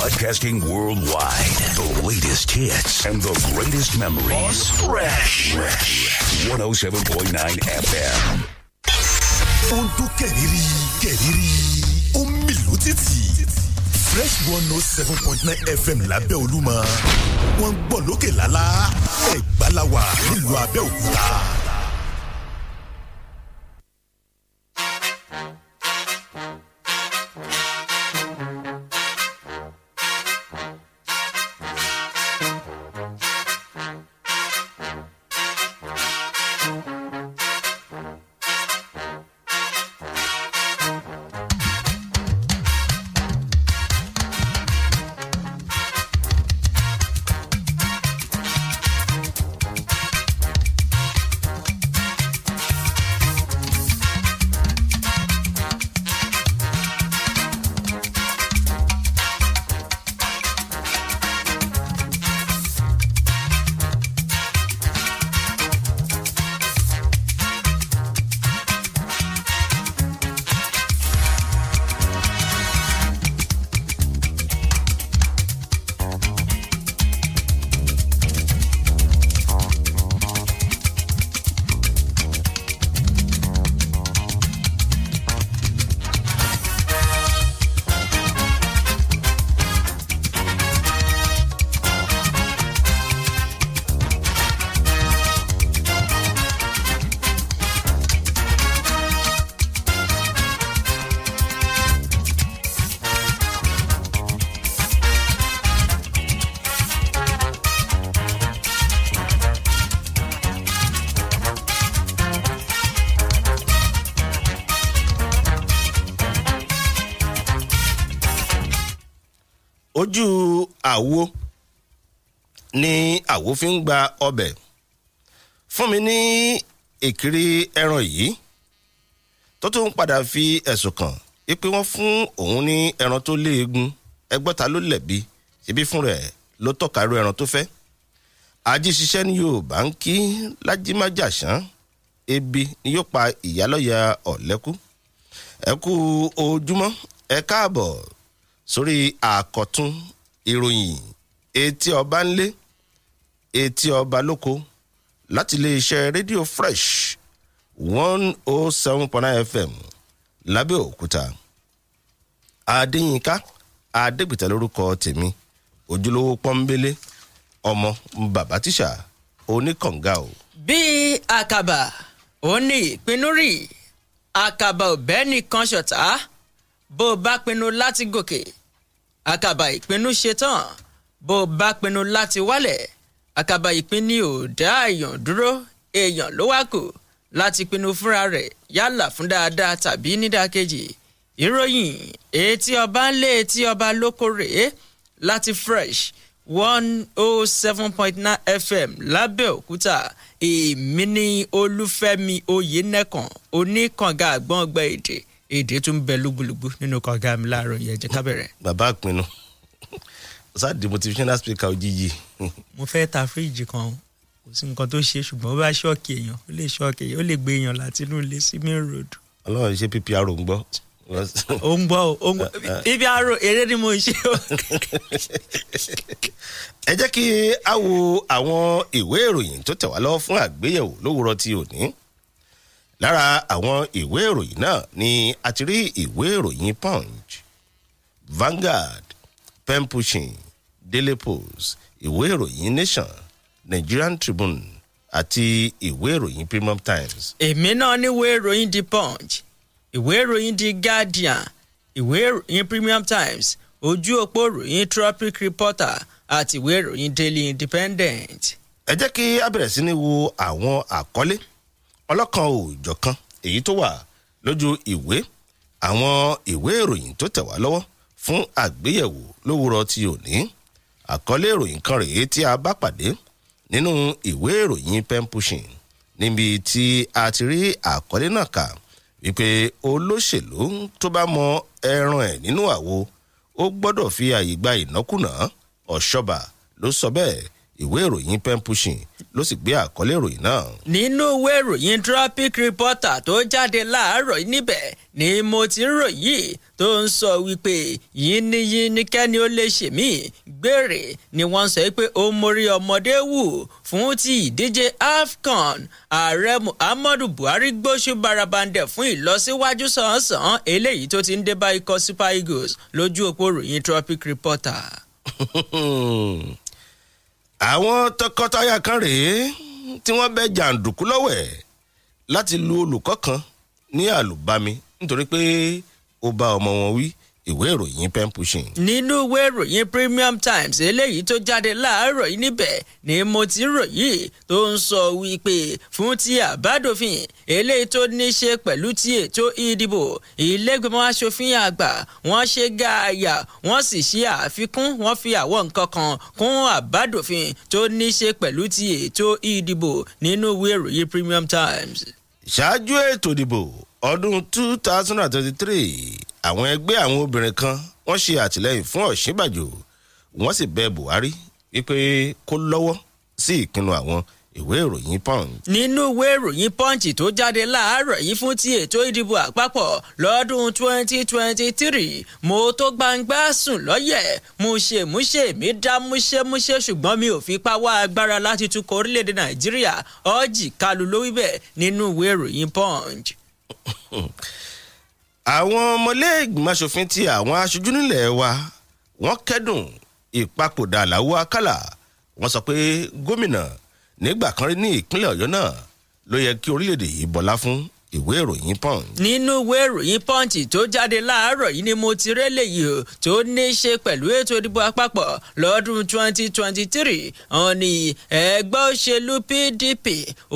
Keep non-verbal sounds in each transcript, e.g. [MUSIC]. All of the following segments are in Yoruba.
Broadcasting worldwide. The latest hits and the greatest memories. Fresh. Fresh. 107.9 FM. Ó ń dún kẹ̀rìírí kẹ̀rìírí. Fresh one oh seven point nine FM lábẹ́ Olúmọ. Wọ́n ń lálá. Ẹ̀gbá la wà nílùú ojú àwo ni àwo fi ń gba ọbẹ̀ fún mi ní ìkiri ẹran yìí tó tún padà fi ẹ̀sùn kàn wípé wọ́n fún òun ní ẹran tó lé egun ẹgbọ́ta ló lẹ̀bi ṣebí fún rẹ̀ ló tọ̀kárú ẹran tó fẹ́ ají ṣiṣẹ́ ní yorùbá ń kí lájímájàsán ebi ni yóò pa ìyálọ́yà ọ̀lẹ́kú ẹ̀kú ojúmọ́ ẹ káàbọ̀ sórí àkọ́tún ìròyìn etí ọba ńlé etí ọba lóko láti iléeṣẹ́ rédíò fresh one oh seven point nine fm lábẹ́òkúta adéyínká adégbìtà lórúkọ tèmi ojúlówó pọ́nbélé ọmọ bàbá tíṣà oníkànga o. bíi akaba, ó ní ìpinnu rí àkàbà ò bẹ́ẹ̀ nìkan ṣọ̀tá bó o bá pinnu láti gòkè àkàbà ìpinnu ṣe tán bó o bá pinnu láti wálẹ̀ àkàbà ìpinnu ò dá èèyàn dúró èèyàn ló wá kù láti pinnu fúnra rẹ̀ yálà fún dáadáa tàbí nídàkejì ìròyìn etí ọba ń lé etí ọba lóko láti fresh one oh seven point nine fm lábẹ́òkúta èmi ní olúfẹ́mi oyinẹ̀kan oníkànga àgbọ̀ngbẹ̀ èdè èdè tún bẹ lúgbúlùgbú nínú kànga mi láàárọ̀ yẹn jẹ́ ká bẹ̀rẹ̀. bàbá àpinnu sáàdì motivational speaker òjijì. mo fẹ́ ta fíríjì kan kò sí nǹkan tó ṣe ṣùgbọ́n ó bá ṣọ́ọ̀kì èèyàn ó lè ṣọ́ọ̀kì èèyàn ó lè gbé èèyàn láti inú ilé sí main road. ọlọ́run ṣe ppr ò ń gbọ́. ó ń gbọ́ ó ń gbọ́ ppr eré ni mo ṣe o. ẹ jẹ́ kí a wo àwọn ìwé ìròyìn tó tẹ̀ lọ́wọ́ fún àgbéyẹ̀wò lówùrọ̀ ti òní lára àwọn ìwé ìròyìn náà ni a ti rí ìwé ìròyìn punch Vanguard pen pushing Daily Post ìwé ìròyìn Nation Nigerian Tribune àti ìwé ìròyìn Premium Times. èmi náà níwé ìròyìn The Punch ìwé ìròyìn The Guardian ìwé ìròyìn Premium Times ojú òpó ìròyìn Tropic Reporter àti ìwé ìròyìn Daily Independent. ẹ jẹ́ kí a bẹ̀rẹ̀ sí ní wo àwọn àkọlé ọlọ́kan òòjọ̀kan èyí tó wà lójú ìwé àwọn ìwé ìròyìn tó tẹ̀ wá lọ́wọ́ fún àgbéyẹ̀wò lówùrọ̀ ti òní àkọlé ìròyìn kan rèé tí a bá pàdé nínú ìwé ìròyìn pen pushing níbi tí a ti rí àkọlé náà kà wípé olóṣèlú tó bá mọ ẹran ẹ̀ nínú àwo ó gbọ́dọ̀ fi àyè gba ìnákùná ọ̀ṣọ́bà ló sọ bẹ́ẹ̀ ìwé ìròyìn pen pushing ló sì gbé àkọlé ìròyìn náà. nínú ìwé ìròyìn traffic reporter tó jáde láàárọ̀ níbẹ̀ ni mo ti ròyìn tó ń sọ wípé yínníyínní kẹ́ni ó lè ṣe mí gbèrè ni wọ́n sọ pé ó mórí ọmọdé wù fún ti ìdíje afcon ààrẹ muhammadu buhari gbóṣù barabandẹ fún ìlọsíwájú sànsàn eléyìí tó ti ń dé bá ikọ̀ super eagles lójú òpó ròyìn traffic reporter. [LAUGHS] àwọn tọkọtaya kan rèé tí wọ́n bẹ jàǹdùkú lọ́wẹ̀ láti lu olùkọ́ kan ní àlùbami nítorí pé ó bá ọmọ wọn wí ìwé ìròyìn pen pushing. nínú ìwé ìròyìn premium times eléyìí tó jáde láàárọ̀ yìí níbẹ̀ ni mo ti ròyìn tó ń sọ wípé fún ti àbádòfin eléyìí tó ní ṣe pẹ̀lú ti ètò ìdìbò ìlẹ́gbẹ̀mọ́ aṣòfin àgbà wọ́n ṣe gààyà wọ́n sì ṣe àfikún wọ́n fi àwọn nǹkan kan kún àbádòfin tó ní ṣe pẹ̀lú ti ètò ìdìbò nínú ìwé ìròyìn premium times. ṣáájú ètò ìdìbò ọdún two thousand and twenty-three àwọn ẹgbẹ́ àwọn obìnrin kan wọ́n ṣe àtìlẹ́yìn fún ọ̀ṣínbàjò wọ́n sì bẹ buhari wípé kó lọ́wọ́ sí ìpinnu àwọn ìwé ìròyìn punch. nínú ìwé ìròyìn punch tó jáde láàárọ̀ yìí fún ti ètò ìdìbò àpapọ̀ lọ́dún 2023 mo tó gbangba sùn lọ́yẹ̀ múṣemúṣe mi dá múṣemúṣe ṣùgbọ́n mi ò fipá wá agbára láti tukọ̀ orílẹ̀-èdè nàìjíríà ọ̀jì kalu ló wí bẹ́ẹ̀ nínú ìwé ìròyìn punch àwọn ọmọlẹ́gbìmọ̀ aṣòfin ti àwọn aṣojú nílẹ̀ wa wọ́n kẹ́dùn ìpapòdà Alao Akala wọ́n sọ pé gómìnà nígbà kan rí ní ìpínlẹ̀ Ọ̀yọ́ náà ló yẹ kí orílẹ̀-èdè yìí bọlá fún ìwé ìròyìn punch. nínú ìwé ìròyìn punch tó jáde láàárọ̀ yìí ni mo ti rí eléyìí o tó ní í ṣe pẹ̀lú ètò ìdìbò àpapọ̀ lọ́dún twenty twenty three òun ni ẹgbẹ́ òṣèlú pdp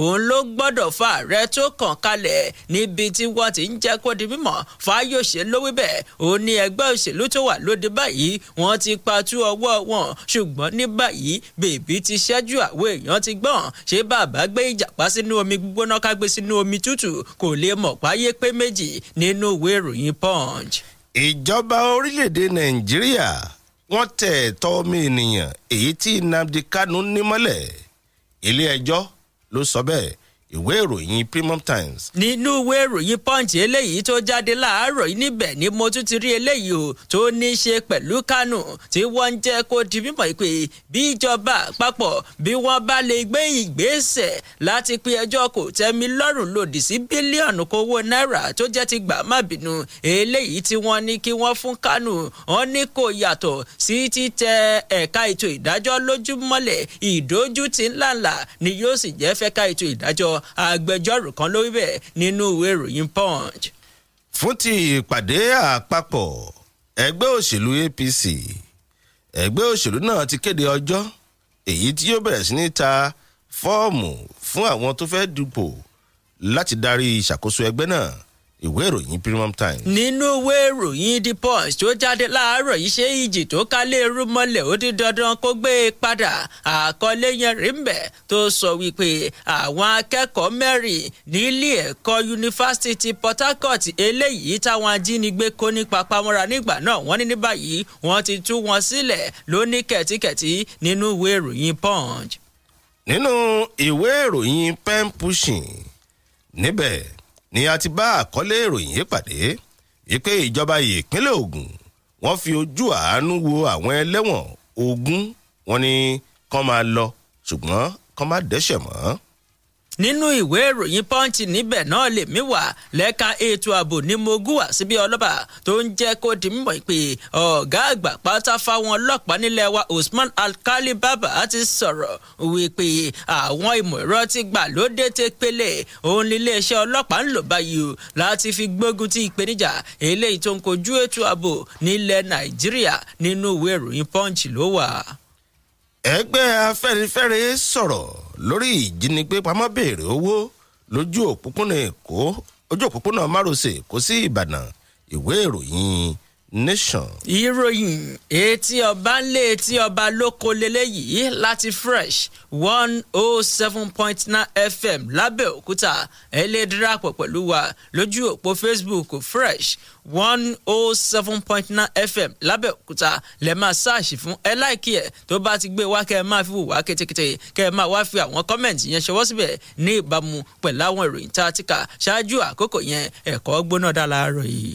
òun ló gbọ́dọ̀ fa ààrẹ tó kàn kalẹ̀ níbi tí wọ́n ti ń jẹ́ kó di mímọ̀ fáyọ̀ṣe ló wí bẹ́ẹ̀ òun ni ẹgbẹ́ òṣèlú tó wà lóde báyìí wọ́n ti patú ọwọ́ wọn ṣùgbọ́n ní báyìí bèbí ti ṣẹ́jú àwọn èèyàn ti gbọ́n ṣé kò lè mọ̀ páyé pé méjì nínú ìwé ìròyìn punch. ìjọba orílẹ̀-èdè nàìjíríà wọ́n tẹ̀ ẹ̀tọ́ ọmọ ènìyàn èyí tí nnamdi kanu ní mọ́lẹ̀ ilé ẹjọ́ ló sọ bẹ́ẹ̀ ìwé ìròyìn Premium Times. nínú ìwé ìròyìn Punch eléyìí tó jáde láàárọ̀ yìí níbẹ̀ ni mo tún ti rí eléyìí o tó ní í ṣe pẹ̀lú Kánù tí wọ́n ń jẹ́ kó di mímọ̀ pé bí ìjọba àpapọ̀ bí wọ́n bá lè gbé ìgbésẹ̀ láti pín ẹjọ́ kò tẹ́mi lọ́rùn lòdì sí bílíọ̀nù kówó náírà tó jẹ́ ti gbà má bínú eléyìí tí wọ́n ní kí wọ́n fún Kánù wọ́n ní kò yàtọ̀ sí títẹ ẹ̀ka ètò ìdájọ́ lójúmọ́lẹ̀ ìdójútì ńláńlá ni yóò sì jẹ́ fẹ́ka ètò ìdájọ́ agbẹjọ́rò kan ló wí bẹ́ẹ̀ nínú ìwé ìròyìn punch. fún ti ìpàdé àpapọ̀ ẹgbẹ́ òṣèlú apc ẹgbẹ́ òṣèlú náà ti kéde ọjọ́ èyí tí yóò bẹ̀rẹ̀ sí ní ta fọ́ọ̀mù fún àwọn tó fẹ́ dupò láti darí ìṣàkóso ẹgbẹ́ náà ìwé ìròyìn Premium Times. nínú ìwé ìròyìn The Punch tó jáde láàárọ̀ yìí ṣé ìjì tó kálé irú e mọ́lẹ̀ ó di dandan kó gbé e padà àkọlé yẹn rí mbẹ̀ tó sọ wípé àwọn akẹ́kọ̀ọ́ mẹ́rin nílé ẹ̀kọ́ yunifásitì Port Harcourt eléyìí táwọn ajínigbé kó ní papamọ́ra nígbà náà wọ́n ní ní báyìí wọ́n ti tú wọn sílẹ̀ lóní kẹ̀tíkẹ̀tí nínú ìwé ìròyìn Punch. nínú ìwé ìròyìn pen pushing níbẹ̀ ni a ti bá àkọlé ìròyìn yìí pàdé wípé ìjọba ìpínlẹ̀ Ògùn wọ́n fi ojú àánú wo àwọn ẹlẹ́wọ̀n ogún wọn ni kán máa lọ ṣùgbọ́n kán má dẹ́ṣẹ̀ mọ́ nínú ìwé ìròyìn pọ́ǹchì níbẹ̀ náà lèmi wà lẹ́ka ètò ààbò ní mogúwà síbi ọlọ́ba tó ń jẹ́ kó di mímọ̀ pé ọ̀gá àgbà pátá ọlọ́pàá nílẹ̀ wa Usman Alkali Baba ti sọ̀rọ̀ wípé àwọn ìmọ̀ ẹ̀rọ ti gbà lóde tẹ pélé òun níléeṣẹ́ ọlọ́pàá ń lò báyìí o láti fi gbógun ti ìpèníjà eléyìí tó ń kojú ètò ààbò nílẹ̀ Nàìjíríà nínú ìwé ìròyìn pọ́ǹchì ló wà. ẹgbẹ́ afẹ́nifẹ́re sọ̀rọ̀ lórí ìjínigbé pamọ́ béèrè owó lójú òpópónà èkó ojú òpópónà márosẹ̀ èkó sí ìbàdàn ìwé ìròyìn nation. ìròyìn etí ọba ń lé etí ọba lóko leléyìí láti fresh one oh seven point nine fm lábẹ́òkúta ẹ lè darapọ̀ pẹ̀lú wa lójú òpó facebook fresh one oh seven point nine fm lábẹ́òkúta lè máa ṣáàṣì fún ẹ láìkí ẹ̀ tó bá ti gbé wá kẹ́ ẹ máa fi wò wá kétékété kẹ́ ẹ máa wá fi àwọn kọ́mẹ̀ntì yẹn ṣọwọ́ síbẹ̀ ní ìbámu pẹ̀lú àwọn ìròyìn tá a ti kà ṣáájú àkókò yẹn ẹ̀kọ́ gbóná dá láàárọ̀ yìí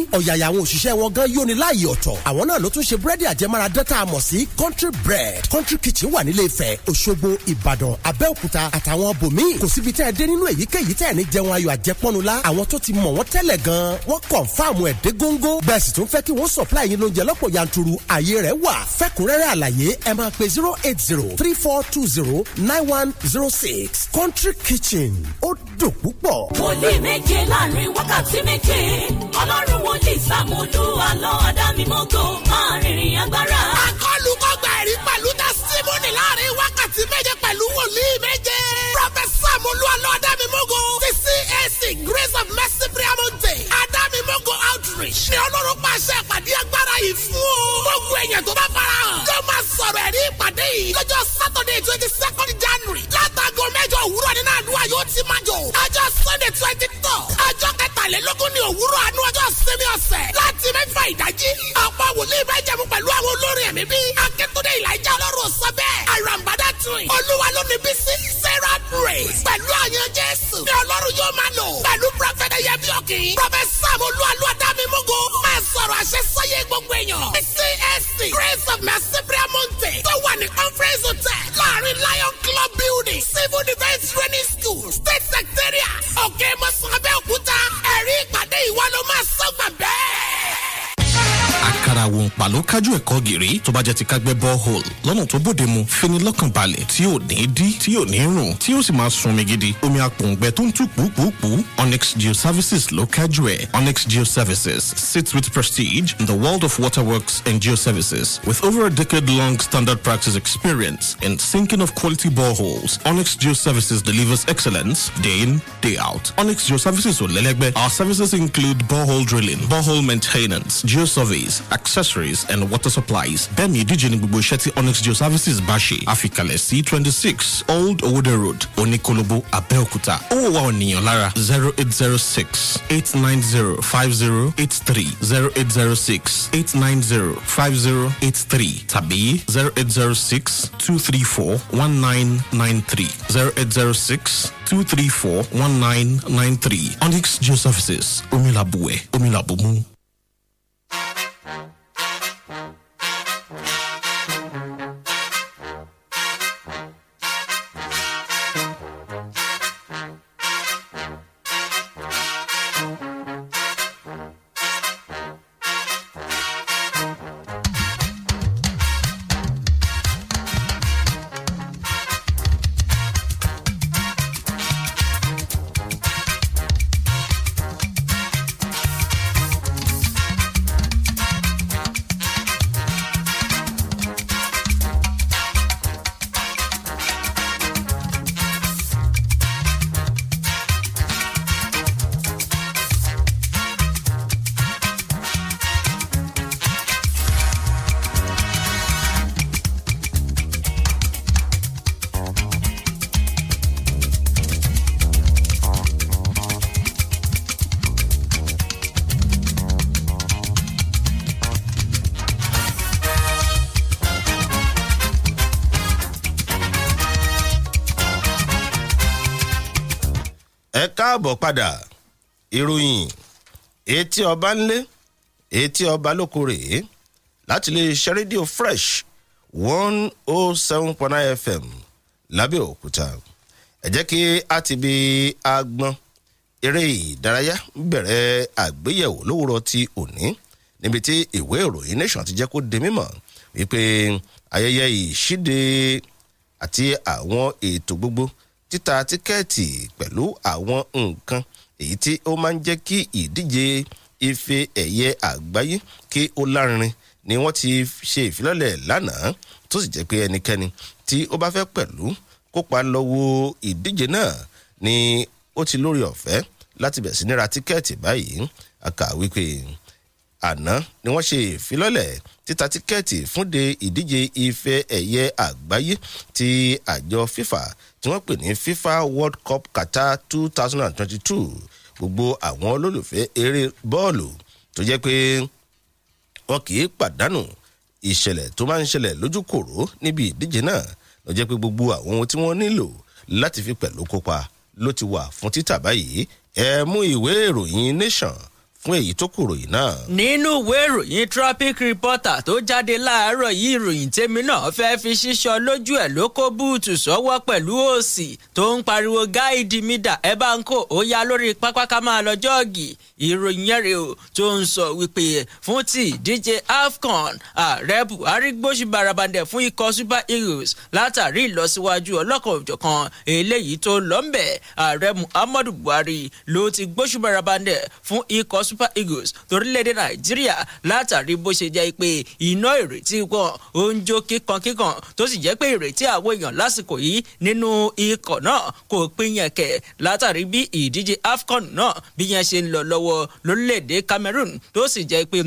ọ̀yàyà àwọn òṣìṣẹ́ wọn gan yóni láàyè ọ̀tọ̀ àwọn náà ló tún ṣe búrẹ́dì àjẹmára dẹ́ta àmọ̀ sí country bread country kitchen wà nílé Ifẹ̀ Òṣogbo Ìbàdàn Abẹ́òkúta àtàwọn bòmíì kò síbi tẹ́ ẹ dé nínú èyíkéyìí tẹ́ ẹ ní jẹun ayọ̀ àjẹpọ́nu la àwọn tó ti mọ̀ wọ́n tẹ́lẹ̀ gan wọ́n kàn fáàmù ẹ̀ góńgó bẹ́ẹ̀ sì tún fẹ́ kí wọ́n supply múlì sàmúlù àlọ́ ọ̀dá mi mọ́gò máa rìnrìn agbára. akọ́lù kọ́gbà ẹ̀rí pẹ̀lú tẹ́sítímọ́nì láàrin wákàtí méje pẹ̀lú wòlíì méje. pọfẹsà múlù àlọ́ ọ̀dá mi mọ́gò ti CAC Grace of Mercy prayer mountain àdá mi mọ́gò outreach ni ọlọ́run pàṣẹ ìpàdé agbára yìí fún o. gbogbo èèyàn tó bá fara hàn yóò máa sọ̀rọ̀ ẹ̀rí ìpàdé yìí lọ́jọ́ Saturday twenty second January òwúrọ̀ nínú àdúrà yóò ti máa jò. ọjọ́ sunday twenty two ọjọ́ kẹtàlélógún ni òwúrọ̀ àánú ọjọ́ sinmi ọ̀sẹ̀ láti mẹ́fà ìdájí. ọ̀pọ̀ wòlíì bẹ́ẹ̀ jẹ̀mú pẹ̀lú àwọn olórin ẹ̀mí bíi akẹ́kọ̀dé ìlàjà ọlọ́run sọ bẹ́ẹ̀. àràǹbádà tún olúwa ló ní bísí sarah praise pẹ̀lú àyàn jésù ni ọlọ́run yóò máa lò pẹ̀lú prophet yẹ bí òkè. pọfẹsà olú alúwadámímúgo máa sọ̀rọ̀ àṣẹ sọ́yé gbogbo èèyàn. csc grace of mercy prayer mountain tó wà ní conference hotel láàrin lion club building civil defence training school state secretariat òkè mọ́sán abẹ́òkúta ẹ̀rí ìpàdé ìwà ló máa sọ́gbà bẹ́ẹ̀. kára wo pàló kájú ẹ̀kọ́ gírí tó bá jẹ́ ti kágbẹ́ borehole lọ́nà tó bóde mu fini lọ́kàn balẹ̀ tí ò ní dí tí ò ní rùn tí ó sì máa sunmi gidi omi apòǹgbẹ tó ń tú pùpùpù Onyx Geo Services ló kájú ẹ̀ Onyx Geo Services sits with prestige in the world of waterworks and geo services, with over a decade-long standard practice experience in sinking of quality boreholes. Onyx Geo Services delivers excellence day in, day out. Onyx Geoservices Olelegbe, our services include borehole drilling, borehole maintenance, geo surveys accessories, and water supplies. Bemi Dijini Bubosheti Onyx Geo Services Bashi, Afikale C26, Old Order Road, Onikolobo, Abeokuta. Owa Oniyan Lara 0806 890 5083 0806 890 5083 tàbí 0806 234 1993 0806 234 1993 Onyx Geo Services Omilabue káàbọ̀ padà ìròyìn etí ọba ńlé etí ọba lóko láti lè ṣe rédíò fresh one oh seven point nine fm lábẹ́òkúta ẹ jẹ́ kí a ti bi agbọn eré ìdárayá bẹ̀rẹ̀ àgbéyẹ̀wò lówùrọ̀ ti òní níbi tí ìwé ìròyìn nation ti jẹ́ kó di mímọ̀ wípé ayẹyẹ ìṣíde àti àwọn ètò gbogbo títa tíkẹ́ẹ̀tì pẹ̀lú àwọn nǹkan èyí tí ó máa ń jẹ́ kí ìdíje ife ẹ̀yẹ àgbáyé kí ó lárinrin ni wọ́n ti ṣe ìfilọ́lẹ̀ lánàá tó sì jẹ́ pé ẹnikẹ́ni tí ó bá fẹ́ pẹ̀lú kópa lọ wo ìdíje náà ni ó ti lórí ọ̀fẹ́ láti bẹ̀ sí ní tíkẹ́ẹ̀tì báyìí a kà àná ni wọ́n ṣe ìfilọ́lẹ̀ títa tíkẹ́ẹ̀tì fúnde ìdíje ife ẹ̀yẹ àgbáyé ti àjọ fifa tí wọ́n pè ní fifa world cup qatar two thousand and twenty-two gbogbo àwọn olólùfẹ́ eré bọ́ọ̀lù tó jẹ́ pé wọn kì í pàdánù ìṣẹ̀lẹ̀ tó máa ń ṣẹlẹ̀ lójú kòró níbi ìdíje náà ló jẹ́ pé gbogbo àwọn ohun tí wọ́n nílò láti fi pẹ̀lú kópa ló ti wà fún títà báyìí ẹ mú ìwé ìròyìn nation fún èyí tó kù ròyìn náà. nínú ìwé ìròyìn tropic reporter tó jáde láàárọ̀ yìí ìròyìn tèmi náà fẹ́ẹ́ fi ṣíṣọ lójú ẹ̀ ló kó búùtù sọ́wọ́ pẹ̀lú òsì tó ń pariwo gáìdì mídà ẹ bá ń kó ó yá lórí pápá máa lọ jọ́ọ̀gì ìròyìn yẹn o tó ń sọ wípé fún ti ìdíje afcon ààrẹ buhari gbóṣù barabandẹ fún ikọ̀ super eagles látàrí ìlọsíwájú ọlọ́kan òjọ̀kan eléyìí tó lọ́ńbẹ̀ ààrẹ muhammadu buhari ló ti gbóṣù barabandẹ fún ikọ̀ Super Eagles torílẹ̀-èdè Nàìjíríà látàrí bó ṣe jẹ́ pé iná ìrètí pọ̀ ó ń jó kíkankíkan tó sì jẹ́ pé ìrètí àwọn èèyàn lásìkò yìí nínú ikọ̀ náà kò pín yẹn kẹ̀ látàrí bí ìdíje AFCON náà bí yẹn ṣe ń lọ lọ́wọ́ lórílẹ̀-èdè Cameroon tó sì jẹ́ pé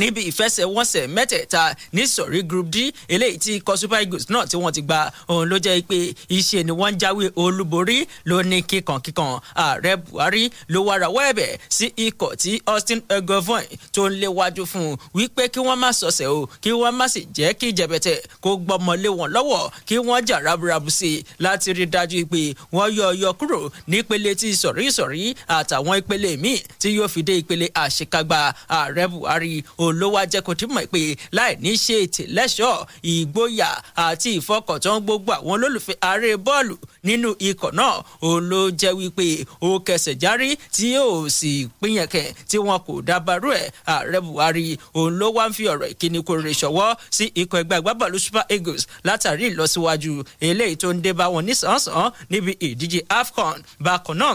níbi ìfẹsẹ̀wọnsẹ̀ mẹ́tẹ̀ẹ̀ta ní sọ̀rí group d eléyìí tí ikọ̀ super eagles náà tí wọ́n ti gba òun ló jẹ́ pé iṣẹ́ ni wọ́n ń jáwé olúborí ló ní kíkankíkan ààrẹ buhari ló wá rawọ́ sí ikọ̀ tí austin egovoin tó ń léwájú fún un wípé kí wọ́n má sọ̀sẹ̀ o kí wọ́n má sì jẹ́ kí jẹ̀bẹ̀tẹ̀ kó gbọ́mọ lé wọn lọ́wọ́ kí wọ́n jà raburabu sí i láti rí dájú pé wọ́n yọ ọyọ kúrò nípele tí sọ̀rí sọ̀rí òun ló wá jẹ́ kó ti mọ̀ pé láì ní ṣe ètè lẹ́ṣọ̀ọ́ ìgboyà àti ìfọkàntán gbogbo àwọn olólùfẹ́ ààrẹ bọ́ọ̀lù nínú ikọ̀ náà òun ló jẹ́ wípé ó kẹsẹ̀ járí tí ó sì pínyẹ̀kẹ̀ tí wọn kò dábàrú ẹ̀ ààrẹ buhari òun ló wá ń fi ọ̀rọ̀ ìkíni kore ṣọwọ́ sí ikọ̀ ẹgbẹ́ agbábọ́ọ̀lù super eagles látàrí ìlọsíwájú eléyìí tó ń dé bá wọn nísànsán níbi ìdíje afcon bákan náà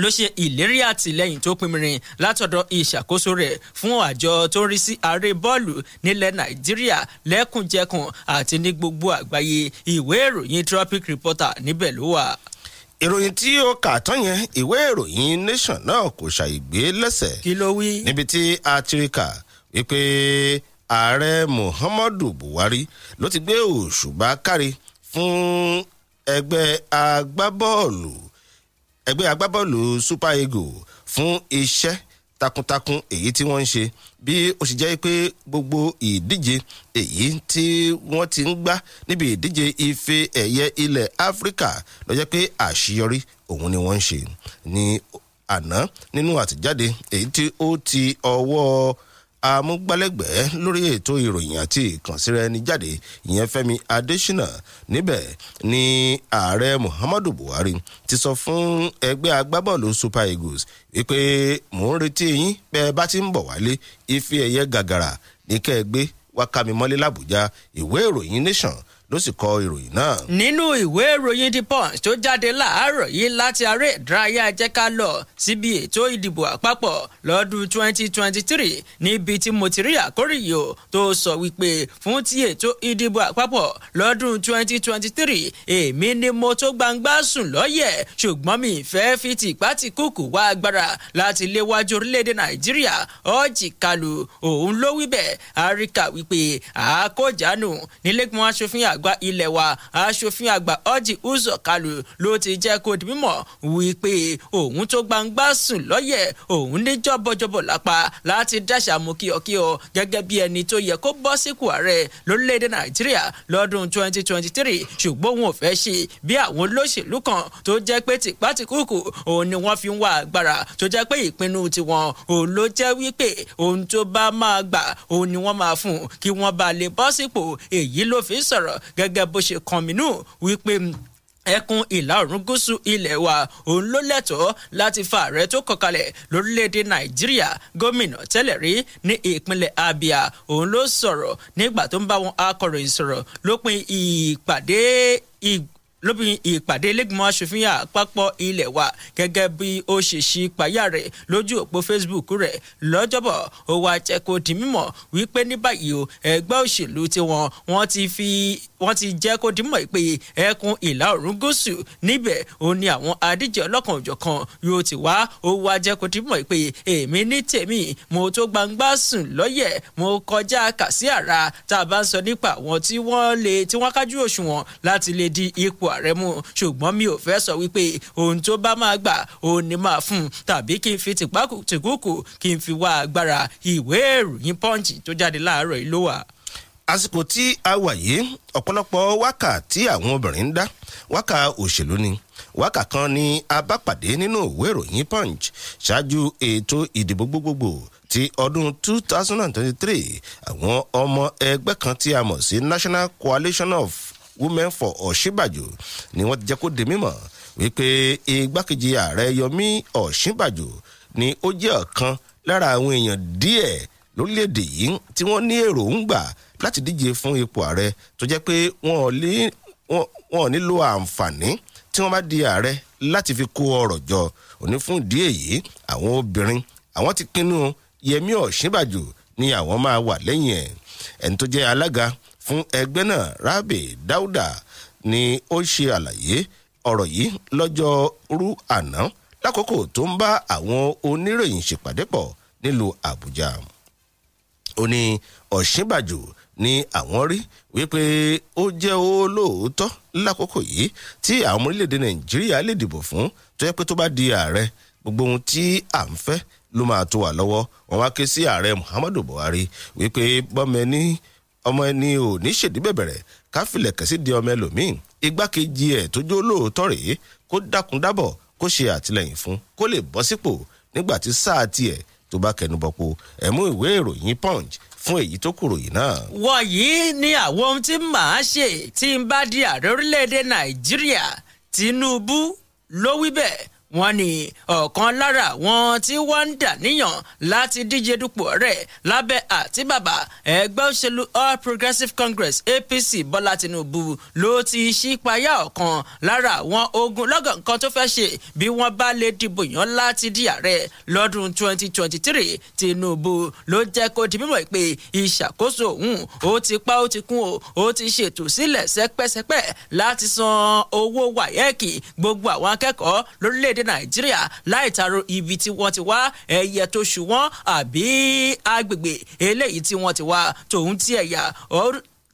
ló ṣe ìlérí àtìlẹyìn tó pinmirin látọ̀dọ̀ ìṣàkóso rẹ̀ fún àjọ tó ń rí sí ààrẹ bọ́ọ̀lù nílẹ̀ nàìjíríà lẹ́kùnjẹkùn àti ní gbogbo àgbáyé ìwé ìròyìn tropic reporter níbẹ̀ ló wà ìròyìn tí ó kà tán yẹn ìwé ìròyìn nation náà kò ṣàìgbé lẹ́sẹ̀. kí ló wí. níbi tí a wípé ààrẹ muhammadu buhari ló ti gbé òṣùbà kárí fún ẹgbẹ́ agbábọ́ọ̀lù ẹgbẹ́ agbábọ́ọ̀lù super eagle fún iṣẹ́ takuntakun èyí tí wọ́n ń ṣe bí ó sì jẹ́ pé gbogbo ìdíje èyí tí wọ́n ti ń gbá níbi ìdíje ife ẹ̀yẹ ilẹ̀ áfíríkà ló jẹ́ pé àṣeyọrí òun ni wọ́n ń ṣe ní àná nínú àtijáde èyí tí ó ti ọwọ́ amúgbálẹ́gbẹ̀ẹ́ lórí ètò ìròyìn àti ìkànsíra ẹni jáde ìyẹn fẹ́mi adésínà níbẹ̀ ni ààrẹ muhammadu buhari ti sọ fún ẹgbẹ́ agbábọ́ọ̀lù super eagles wípé mò ń retí yín bẹ́ẹ̀ bá ti ń bọ̀ wálé ife ẹ̀yẹ gàgàrà ní kẹ́ ẹ gbé wá mọ́lé làbújá ìwé ìròyìn nation ló sì kọ ìròyìn náà. nínú ìwé ìròyìn the punch tó jáde láàárọ̀ yìí láti aré ìdárayá jẹ́ ká lọ síbi ètò ìdìbò àpapọ̀ lọ́dún 2023 níbi tí mo ti rí àkórí yìí o tó sọ wípé fún ti ètò ìdìbò àpapọ̀ lọ́dún 2023 èmi ni mo tó gbangba sùn lọ́yẹ̀ ṣùgbọ́n mi fẹ́ fi ti kúkú wá agbára láti léwájú orílẹ̀-èdè nàìjíríà ọ̀jì kalu òun ló wí bẹ́ẹ̀ àríkà wípé àákójánu nílẹ̀kùn aṣòfin àg àgbà ilẹ̀ wa aṣòfin àgbà Orji Uzor Kalu ló ti jẹ́ kó di mímọ̀ wípé òun tó gbangba sùn lọ́yẹ̀ òun ní jọ́bọ̀jọ́bọ̀ lápá láti dáṣà mú kíọkíọ gẹ́gẹ́ bí ẹni tó yẹ kó bọ́ síkù ààrẹ lórílẹ̀‐èdè Nàìjíríà lọ́dún 2023 ṣùgbọ́n òun ò fẹ́ ṣe bí àwọn olóṣèlú kan tó jẹ́ pé tìpátìkúkù òun ni wọ́n fi ń wá agbára tó jẹ́ pé ìpinnu tiwọn òun ló jẹ́ wípé ohun tó bá máa gbà òun ni wọ́n máa fún kí wọ́n bá lè bọ́ sípò èyí ló fi sọ̀rọ̀ gẹ́gẹ́ bó ṣe kan mínú wípé hmm, ẹkùn ìlà oòrùn gúúsù ilẹ̀ wa òun ló lẹ́tọ̀ọ́ láti fa ààrẹ tó kọkalẹ̀ lórílẹ̀‐èdè nàìjíríà gómìnà tẹ́lẹ̀ rí ní ìpínlẹ̀ abia òun ló sọ̀rọ̀ nígbà tó ń bá wọn akọ̀ròyìn sọ̀rọ̀ lópin ìpàdé lóbìnrin ìpàdé lẹ́gbìmọ̀ asòfin àpapọ̀ ilẹ̀ wa gẹ́gẹ́ bí ó ṣe ṣí payá rẹ̀ lójú òpó facebook rẹ̀ lọ́jọ́bọ̀ ó wá jẹ́ kó di mímọ̀ wípé ní báyìí o ẹgbẹ́ òṣèlú tiwọn wọ́n ti fi wọ́n ti jẹ́ kó di mọ̀ pé ẹkùn ìlà oòrùn gúúsù níbẹ̀ òun ni àwọn adíje ọlọ́kan òjọ̀kan yóò ti wá ó wá jẹ́ kó di mọ̀ pé èmi ní tèmi mo tó gbangba sùn lọ́yẹ̀ mo kọjá kà sí àrà tá a bá ń sọ nípa àwọn tí wọ́n lè tí wọ́n kájú òṣùwọ̀n láti lè di ipò ààrẹ mú ṣùgbọ́n mi ò fẹ́ sọ wípé ohun tó bá máa gbà òun ni máa fún un tàbí kí n fi tìpá kí n fi wá agbára ìwé ìròyìn pọ́ǹchì tó jáde láàárọ̀ yìí ló wà àsìkò tí a wà yìí ọ̀pọ̀lọpọ̀ wákà tí àwọn obìnrin ń dá wákà òṣèlú ni wákà kan ni a bá pàdé nínú ìwé ìròyìn punch ṣáájú ètò ìdìbò gbogbogbò ti ọdún 2023 àwọn ọmọ ẹgbẹ́ kan tí a mọ̀ sí national coalition of women for ọ̀ṣínbàjò ni wọ́n ti jẹ́ kó di mímọ̀ wípé igbákejì ààrẹ yomi ọ̀ṣínbàjò ni ó jẹ́ ọ̀kan lára àwọn èèyàn díẹ̀ lórílẹ̀‐èdè yìí tí wọ́n ní èròǹgbà láti díje fún ipò ààrẹ tó jẹ́ pé wọn ò nílò àǹfààní tí wọ́n bá di ààrẹ láti fi kó ọrọ̀ jọ òní fún ìdí èyí àwọn obìnrin àwọn ti pinnu Yẹmí Ọ̀ṣínbàjò ni àwọn máa wà lẹ́yìn ẹ̀ ẹni tó jẹ́ alága fún ẹgbẹ́ náà Rábì Dáúdà ni ó ṣe àlàyé ọ̀rọ̀ yìí lọ́jọ́rú àná lákòókò tó ń bá àwọn oníròyìn ṣèpàdé pọ̀ nílùú Àbújá ó ní Ọ̀ṣínbàjò ni àwọn rí wípé ó jẹ́ olóòótọ́ lákòókò yìí tí àwọn ọmọ orílẹ̀-èdè nàìjíríà lè dìbò fún tó yẹ pé tó bá di ààrẹ gbogbo ohun tí à ń fẹ́ ló máa tó wà lọ́wọ́ wọn wá ké sí ààrẹ muhammadu buhari wípé bọ́mọ ẹni ọmọ ẹni ò ní ṣèdí bẹ̀bẹ̀rẹ̀ káfílẹ̀ kẹ̀sí di ọmọ ẹlòmíì igbákejì ẹ̀ tó jẹ́ olóòótọ́ rèé kó dákundábọ̀ kó ṣe àtìlẹyìn fún kó lè bọ́ sípò nígbà tí sáà tiẹ̀ tó bá kẹnu ẹ̀mú ìwé ìròyìn punch fún èyí tó kúrò yìí náà. wọ̀nyí ni àwọn ohun tí màá ṣe tí n bá di ààrẹ orílẹ̀-èdè nàìjíríà tinubu ló wí bẹ́ẹ̀ wọ́n ní ọ̀kan lára wọn tí wọ́n ń dà níyàn láti díje dupò rẹ̀ lábẹ́ àti bàbá ẹgbẹ́ òṣèlú All Progressive Congress APC Bọ́lá Tinubu ló ti ṣípayá ọ̀kan lára àwọn ogun lọ́gàn kan tó fẹ́ ṣe bí wọ́n bá lè dìbò yàn láti di ààrẹ lọ́dún 2023 Tinubu ló jẹ́ kó di mímọ̀ pé ìṣàkóso òun ó ti pa ó ti kún o ó ti ṣètò sílẹ̀ sẹ́pẹ́sẹ́pẹ́ láti san owó wáyẹ́ẹ̀kì gbogbo àwọn akẹ́kọ̀ọ́ lórílẹ̀ nàìjíríà láì taro ibi tí wọ́n ti wá ẹyẹ tó ṣù wọ́n àbí agbègbè eléyìí tí wọ́n ti wá tòun ti ẹ̀yà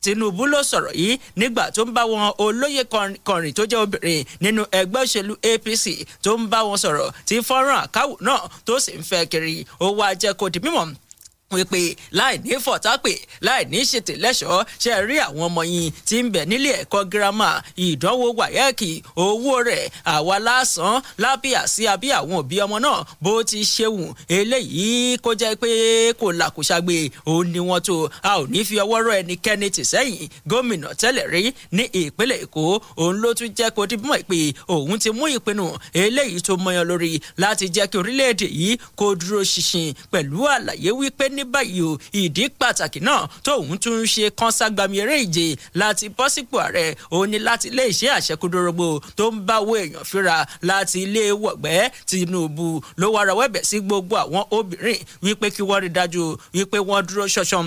tinubu ló sọ̀rọ̀ yìí nígbà tó ń bá wọn olóyè kọrin tó jẹ́ obìnrin nínú ẹgbẹ́ òṣèlú apc tó ń bá wọn sọ̀rọ̀ tí fọ́nrán àkáwò náà tó sì ń fẹ́ kiri ó wá jẹ́ kó di mímọ́ wípé láì ní fọ̀tápè láì ní ṣètè lẹ́ṣọ̀ọ́ ṣe rí àwọn ọmọ yín tí ń bẹ nílé ẹ̀kọ́ girama ìdánwò wáyẹ́ẹ̀kì owó rẹ̀ àwa lásán lábíà sí abí àwọn òbí ọmọ náà bó ti ṣeun eléyìí kó jẹ́ pé kò làkúṣàgbé òun ni wọ́n tó a ò ní fi ọwọ́ rọ ẹnikẹ́ni tì sẹ́yìn gómìnà tẹ́lẹ̀ rí ní ìpínlẹ̀ èkó òun ló tún jẹ́ kó dìbò pé òun ti mú ìpinnu eléyìí ní báyìí o ìdí pàtàkì náà tóun tún ń ṣe kọ́nságbami eré ìje láti bọ́ sípò ààrẹ òun ni láti ilé iṣẹ́ àṣekúdórógbó tó ń bá owó èèyàn fíra láti ilé wọ̀gbẹ́ Tinubu ló wá rawọ́ ẹ̀bẹ̀ sí gbogbo àwọn obìnrin wípé kí wọ́n rí dájú wípé wọ́n dúró ṣọ̀ṣọ̀m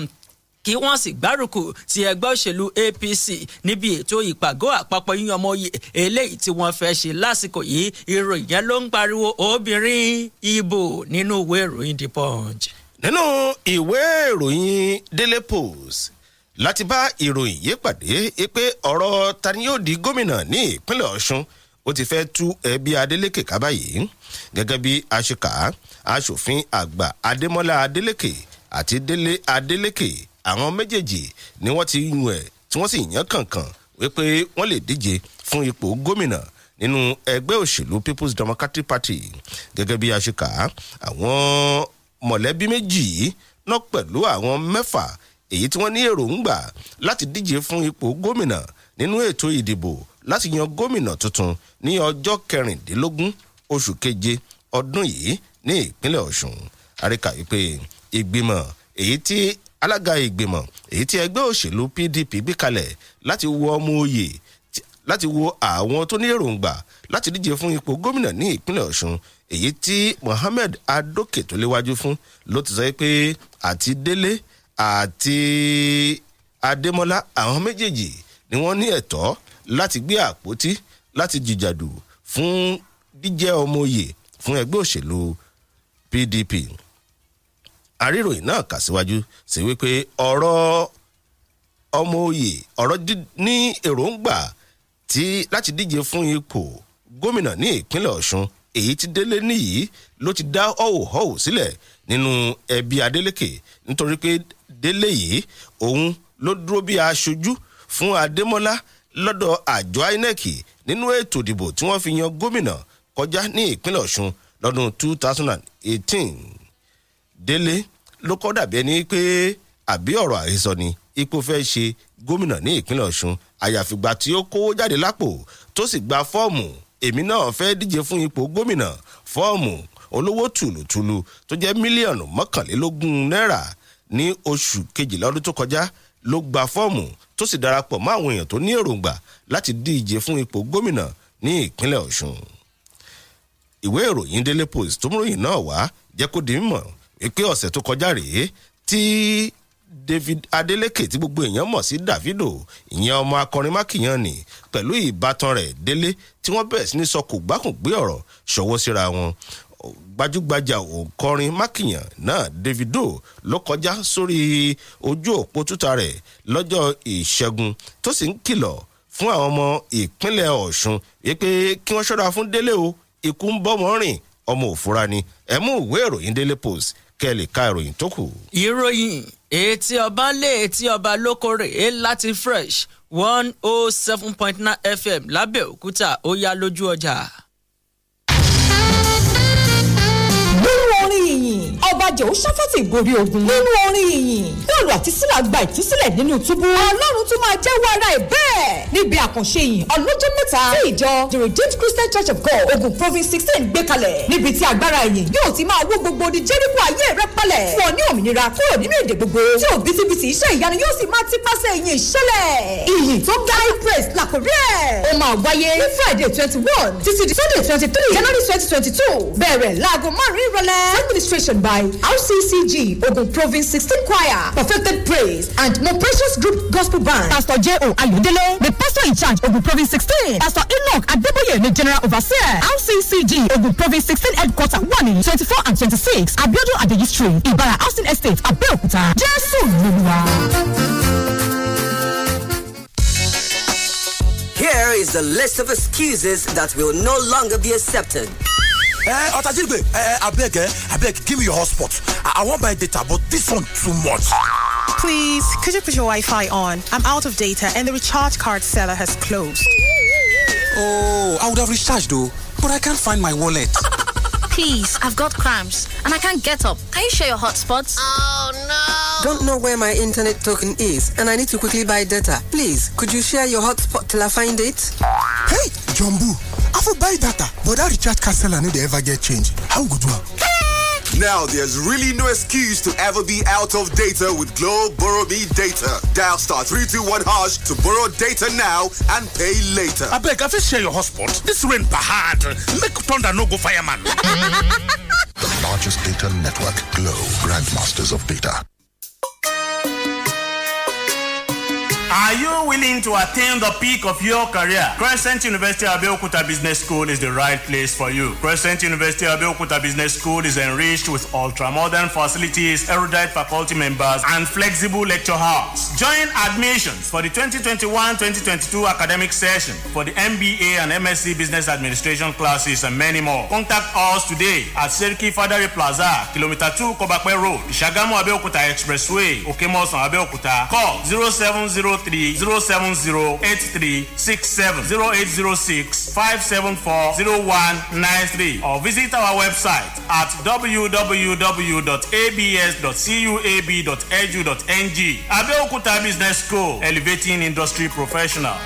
kí wọ́n sì gbárùkù ti ẹgbẹ́ òṣèlú APC níbi ètò ìpàgọ́ àpapọ̀ yíyan ọmọ oyè eléyìí tí wọ́n fẹ́ ṣe lásìkò yìí ìròyìn yẹn ló ń pariwo obìnrin ibo nínú ìwé ìròyìn The Punch nínú ìwé ìròyìn daily post láti bá ìròyìn yìí pàdé pé ọ̀rọ̀ ta ni yóò di gómìnà ní ìpínlẹ̀ ọ̀ṣun ó ti fẹ́ tú ẹbí adeleke ká báyìí gẹ́gẹ́ bí aṣíkà aṣòfin àgbà adémọ́lá adeleke àti délé adeleke àwọn méjèèjì ni wọ́n ti yàn ẹ̀ tí wọ́n sì yàn kànkàn wípé wọ́n lè díje fún ipò gómìnà nínú ẹgbẹ́ òṣèlú people's democratic party gẹ́gẹ́ bí aṣíkà àwọn mọ̀lẹ́bí méjì yìí náà pẹ̀lú àwọn mẹ́fà èyí tí wọ́n ní èròǹgbà láti díje fún ipò gómìnà nínú ètò ìdìbò láti yan gómìnà tuntun ní ọjọ́ kẹrìndínlógún oṣù keje ọdún yìí ní ìpínlẹ̀ ọ̀ṣun àríkà wípé ìgbìmọ̀ èyí tí alága ìgbìmọ̀ èyí tí ẹgbẹ́ òṣèlú pdp gbé kalẹ̀ láti wo ọmọ oyè láti wo àwọn tó ní èròǹgbà láti díje fún ipò gómìnà ní ìpínlẹ̀ ọ̀ṣun èyí tí mohammed adókè tó léwájú fún ló ti sọ pé àti délé àti adémọlá àwọn méjèèjì ni wọ́n ní ẹ̀tọ́ láti gbé àpótí láti jìjàdù fún jíjẹ́ ọmọ òye fún ẹgbẹ́ òṣèlú pdp àríròyìn náà kà síwájú sí wípé ọ̀rọ̀ ọmọ òye ọ̀rọ̀ ní èròǹgbà tí láti díje fún ipò gómìnà ní ìpínlẹ̀ ọ̀ṣun èyí tí délé níyì ló ti dá họ́wòhọ́wò sílẹ̀ nínú ẹbí adeleke nítorí pé délé yìí òun ló dúró bí aṣojú fún adémọlá lọ́dọ̀ àjọ inec nínú ètò ìdìbò tí wọ́n fi yan gómìnà kọjá ní ìpínlẹ̀ ọ̀ṣun lọ́dún 2018 délé ló kọ́ dàbí ẹni pé àbí ọ̀rọ̀ àhesọ ni ipò fẹ́ ṣe gómìnà ní ìpínlẹ̀ ọ̀ṣun àyàfìgbà tí ó kówó jáde lápò tó sì gba fọ́ọ̀mù èmi náà fẹ́ díje fún ipò gómìnà fọ́ọ̀mù olówó tùlùtùlù tó jẹ́ mílíọ̀nù mọ́kànlélógún náírà ní oṣù kejìlá ọdún tó kọjá ló gba fọ́ọ̀mù tó sì darapọ̀ mọ́ àwọn èèyàn tó ní èròǹgbà láti díje fún ipò gómìnà ní ìpínlẹ̀ ọ̀ṣun ìwé ìròyìn daily post tó múròyìn náà wá jẹ́ kó di mímọ̀ wípé ọ̀sẹ̀ tó kọjá rèé tí David Adeleke tí gbogbo èèyàn mọ̀ sí Davido ìyẹn ọmọ akọrin mákìyàn ni pẹ̀lú ìbátan rẹ̀ Délé tí wọ́n bẹ̀rẹ̀ sí ní sọ kò gbákùngbé ọ̀rọ̀ ṣọwọ́ síra wọn gbajúgbajà òǹkọrin mákìyàn náà Davido ló kọjá sórí ojú òpó túta rẹ̀ lọ́jọ́ ìṣẹ́gun tó sì ń kìlọ̀ fún àwọn ọmọ ìpínlẹ̀ Ọ̀ṣun wípé kí wọ́n ṣọ́ra fún Délé o ikú ń bọ́mọ rìn ọmọ òfurani ẹ mú ìwé ìròyìn Daily Post kẹ́ lè ìròyìn tó kù. ìròyìn etí ọba lé etí ọba lókòrè e láti fresh one oh seven point nine fm lábẹ́òkúta ó yá lójú ọjà. alájẹ ó ṣáfẹ́tì ìgorí ogun nínú orin ìyìn lóòrù àti sílà gba ìtúsílẹ̀ nínú túbú ọlọ́run tún máa jẹ́wọ́ ara ẹ̀ bẹ́ẹ̀ níbi àkànṣe ìyìn ọlọ́jọ́ mẹ́ta sí ìjọ the redeemed christian church of god ogun province sixteen gbé kalẹ̀ níbi tí agbára ìyìn yóò ti máa wó gbogbo ní jẹ́ríkò ayé rẹ palẹ̀ fún ọ ní òmìnira kúrò nínú èdè gbogbo tí ò bítíbitì iṣẹ́ ìyanu yóò sì máa ti pàṣẹ ìyìn ìṣẹ̀lẹ̀ ìyìn tó ga praise làkòrí ẹ̀ ó máa wáyé ní friday twenty one títí di sunday twenty three january twenty twenty two bẹ̀rẹ̀ láago márùn-ún ìrọ̀lẹ́ administration by RCCG, Ogun Province 16 Choir, Perfected Praise, and More Precious Group Gospel Band. Pastor J.O. Ayodele, the pastor in charge, Ogun Province 16. Pastor Enoch Adeboye, the general overseer. RCCG, Ogun Province 16 headquarters 1, 24 and 26. Abiodun Adeyi Street, Ibara Austin Estate, Abeokuta. Jésù Lolúwa. Here is the list of excuses that will no longer be accepted eh otajigbe eh abeg eh abeg eh, give me your hotspot i want my data but this one too much please could you put your wi-fi on i'm out of data and the recharge card seller has closed oh i would have recharged though but i can't find my wallet [LAUGHS] Please, I've got cramps and I can't get up. Can you share your hotspots? Oh no! Don't know where my internet token is and I need to quickly buy data. Please, could you share your hotspot till I find it? Hey, Jumbo, I will buy data, but that recharge card seller need to ever get change. How good one? Now there's really no excuse to ever be out of data with Globe Borrow Me Data. Dial star 321 hash to borrow data now and pay later. I beg, I share your hotspot. This rain bahad. Make thunder no go fireman. the [LAUGHS] largest data network, Glow, Grandmasters of Data. Are you willing to attain the peak of your career? Crescent University Abeokuta Business School is the right place for you. Crescent University Abeokuta Business School is enriched with ultra-modern facilities, erudite faculty members, and flexible lecture halls. Join admissions for the 2021-2022 academic session for the MBA and MSc Business Administration classes and many more. Contact us today at Serki Fadari Plaza, Kilometer 2, Kobakwe Road, Shagamu Abeokuta Expressway, Okemos Abeokuta. Call 0703 three zero seven zero eight three six seven zero eight zero six five seven four zero one nine three or visit our website at www.abs.cuab.edu.ng Abeokuta Business School Elevating Industry Professional.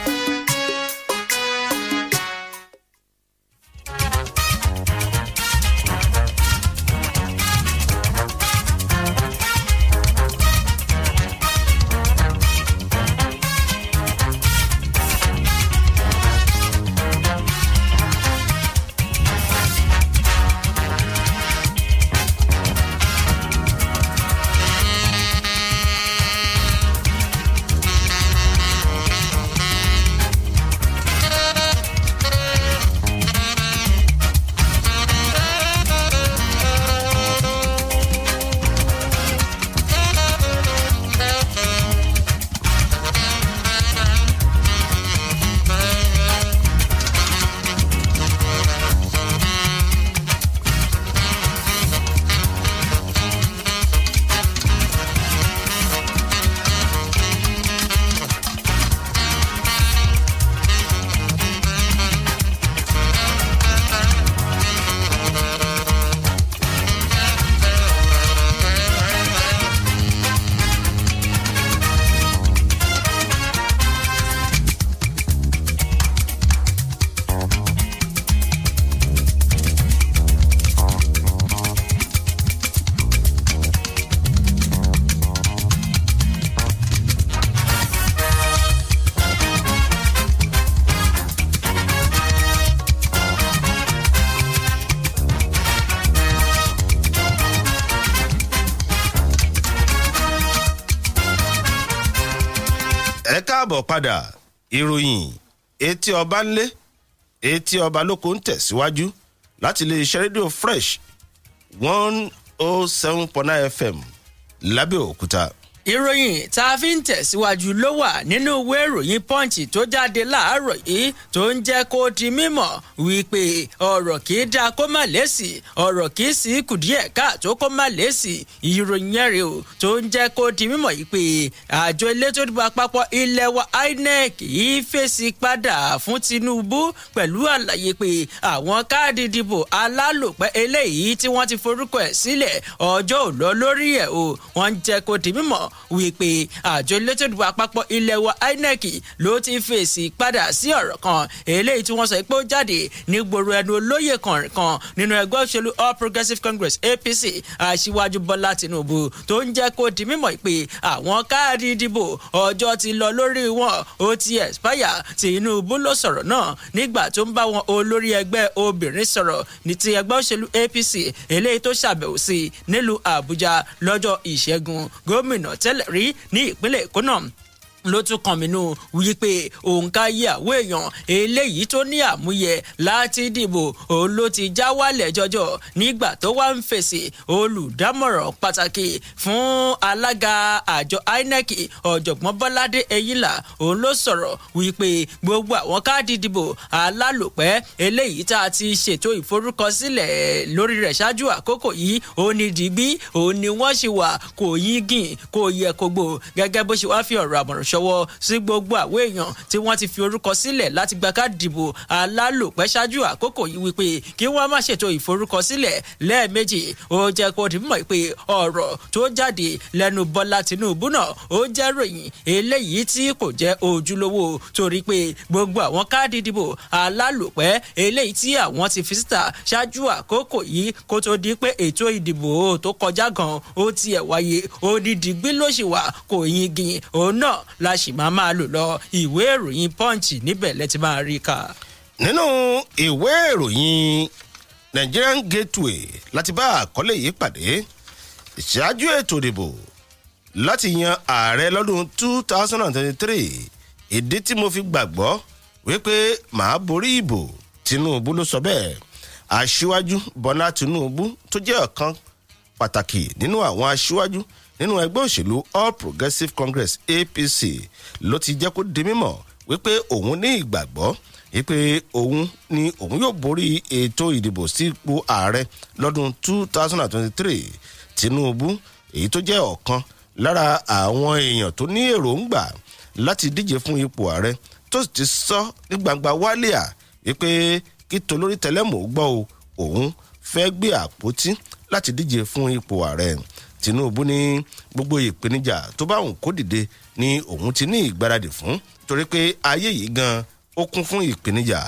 káàbọ̀ padà ìròyìn etí ọba ńlé etí ọba lóko ń tẹ̀síwájú láti lè ṣe rédíò fresh one oh seven point nine fm lábẹ́òkúta ìròyìn tá a fi ń tẹ̀síwájú ló wà nínú ìwé ìròyìn punch tó jáde láàárọ̀ yìí tó ń jẹ́ kó di mímọ̀ wípé ọ̀rọ̀ kì í da kó má lésì ọ̀rọ̀ kì í sí kùdíẹ̀ káàtó kó má lésì ìròyìn ẹ̀rì o tó ń jẹ́ kó di mímọ̀ yìí pé àjọ elétò ìdìbò àpapọ̀ ilẹ̀ wa inec yìí fèsì padà fún tinubu pẹ̀lú àlàyé pé àwọn káàdì ìdìbò alálòpẹ́ eléyìí tí wọ́n ti forúkọ o wọ́n ń wípé àjọ elétò ìdìbò àpapọ̀ ilẹ̀ wa inec ló ti fèsì padà sí ọ̀rọ̀ kan eléyìí tí wọ́n sọ pé ó jáde ní gbòòrò ẹnu olóyè kọ̀ọ̀kan nínú ẹgbẹ́ òṣèlú all progressives congress apc aṣíwájú bọ́lá tinubu tó ń jẹ́ kó di mímọ̀ pé àwọn káàdì ìdìbò ọjọ́ ti lọ lórí wọn ó ti expire tinubu ló sọ̀rọ̀ náà nígbà tó ń bá wọn olórí ẹgbẹ́ obìnrin sọ̀rọ̀ ní ti ẹgbẹ́ òṣèlú apc eléyìí tó ṣàbẹ̀wò sí nílùú àbújá lọ́jọ́ ìṣẹ́gun gómìnà tẹ́ Sel ri ni bele konom ló tún kàn mí nù wípé òǹkà yàwó èèyàn eléyìí tó ní àmúyẹ láti dìbò òun ló ti já wálẹ̀ jọjọ nígbà tó wá ń fèsì olùdámọ̀ràn pàtàkì fún alága àjọ inec ọ̀jọ̀gbọ́n bọ́ládé eyínlá òun ló sọ̀rọ̀ wípé gbogbo àwọn káàdì ìdìbò alálòpẹ́ eléyìí tá a ti ṣètò ìforúkọsílẹ̀ lórí rẹ̀ ṣáájú àkókò yìí òun ni dìgbì òun ni wọ́n ṣì wà kò yí gìn kò yẹ kó gbò gẹ́gẹ́ bó ṣe wá fi ọ̀rọ̀ àmọ̀ràn ṣọwọ́ sí gbogbo àwọn èèyàn tí wọ́n ti fi orúkọ sílẹ̀ láti gba káàdì ìdìbò alálòpẹ́ ṣáájú àkókò yìí wípé kí wọ́n má ṣètò ìforúkọsílẹ̀ lẹ́ẹ̀mejì ó jẹ́ kó di mọ̀ pé ọ̀rọ̀ tó jáde lẹ́nu Bọ́lá Tinubu náà ó jẹ́ ròyìn eléyìí tí kò jẹ́ ojúlówó torí pé gbogbo àwọn káàdì ìdìbò alálòpẹ́ eléyìí tí àwọn ti fi síta ṣáájú àkókò yìí kó tó di pé ètò ìdìbò tó kọjá gan ó tiẹ̀ wáyé odidi gbí ló ṣì kò yingin òun náà la sì máa máa lò lọ ìwé ìròyìn punch níbẹ̀ lẹ́tí máa rí kà. nínú ìwé ìròyìn nigerian gateway láti bá àkọlé yìí pàdé ìṣáájú ètò ìdìbò láti yan ààrẹ lọ́dún two thousand and twenty-three ìdí tí mo fi gbàgbọ́ wípé màá borí ìbò tinubu ló sọ bẹ́ẹ̀ aṣíwájú bọ́lá tinubu tó jẹ́ ọ̀kan pàtàkì nínú àwọn aṣíwájú nínú ẹgbẹ́ òṣèlú all progressives congress apc ló ti jẹ́ kó di mímọ̀ wípé òun ní ìgbàgbọ́ wípé òun ni òun yóò borí ètò ìdìbò sípò ààrẹ lọ́dún 2023 tinubu èyí tó jẹ́ ọ̀kan lára àwọn èèyàn tó ní èròǹgbà láti díje fún ipò ààrẹ tó sì ti sọ ní gbangba wálíà wípé kí tolórí tẹlẹ́mù gbọ́ o òun fẹ́ gbé àpótí láti díje fún ipò ààrẹ tinubu ní gbogbo ìpèníjà tó bá òun kó dìde ni òun ti ní ìgbáradì fún torí pé ayé yìí gan ó kún fún ìpèníjà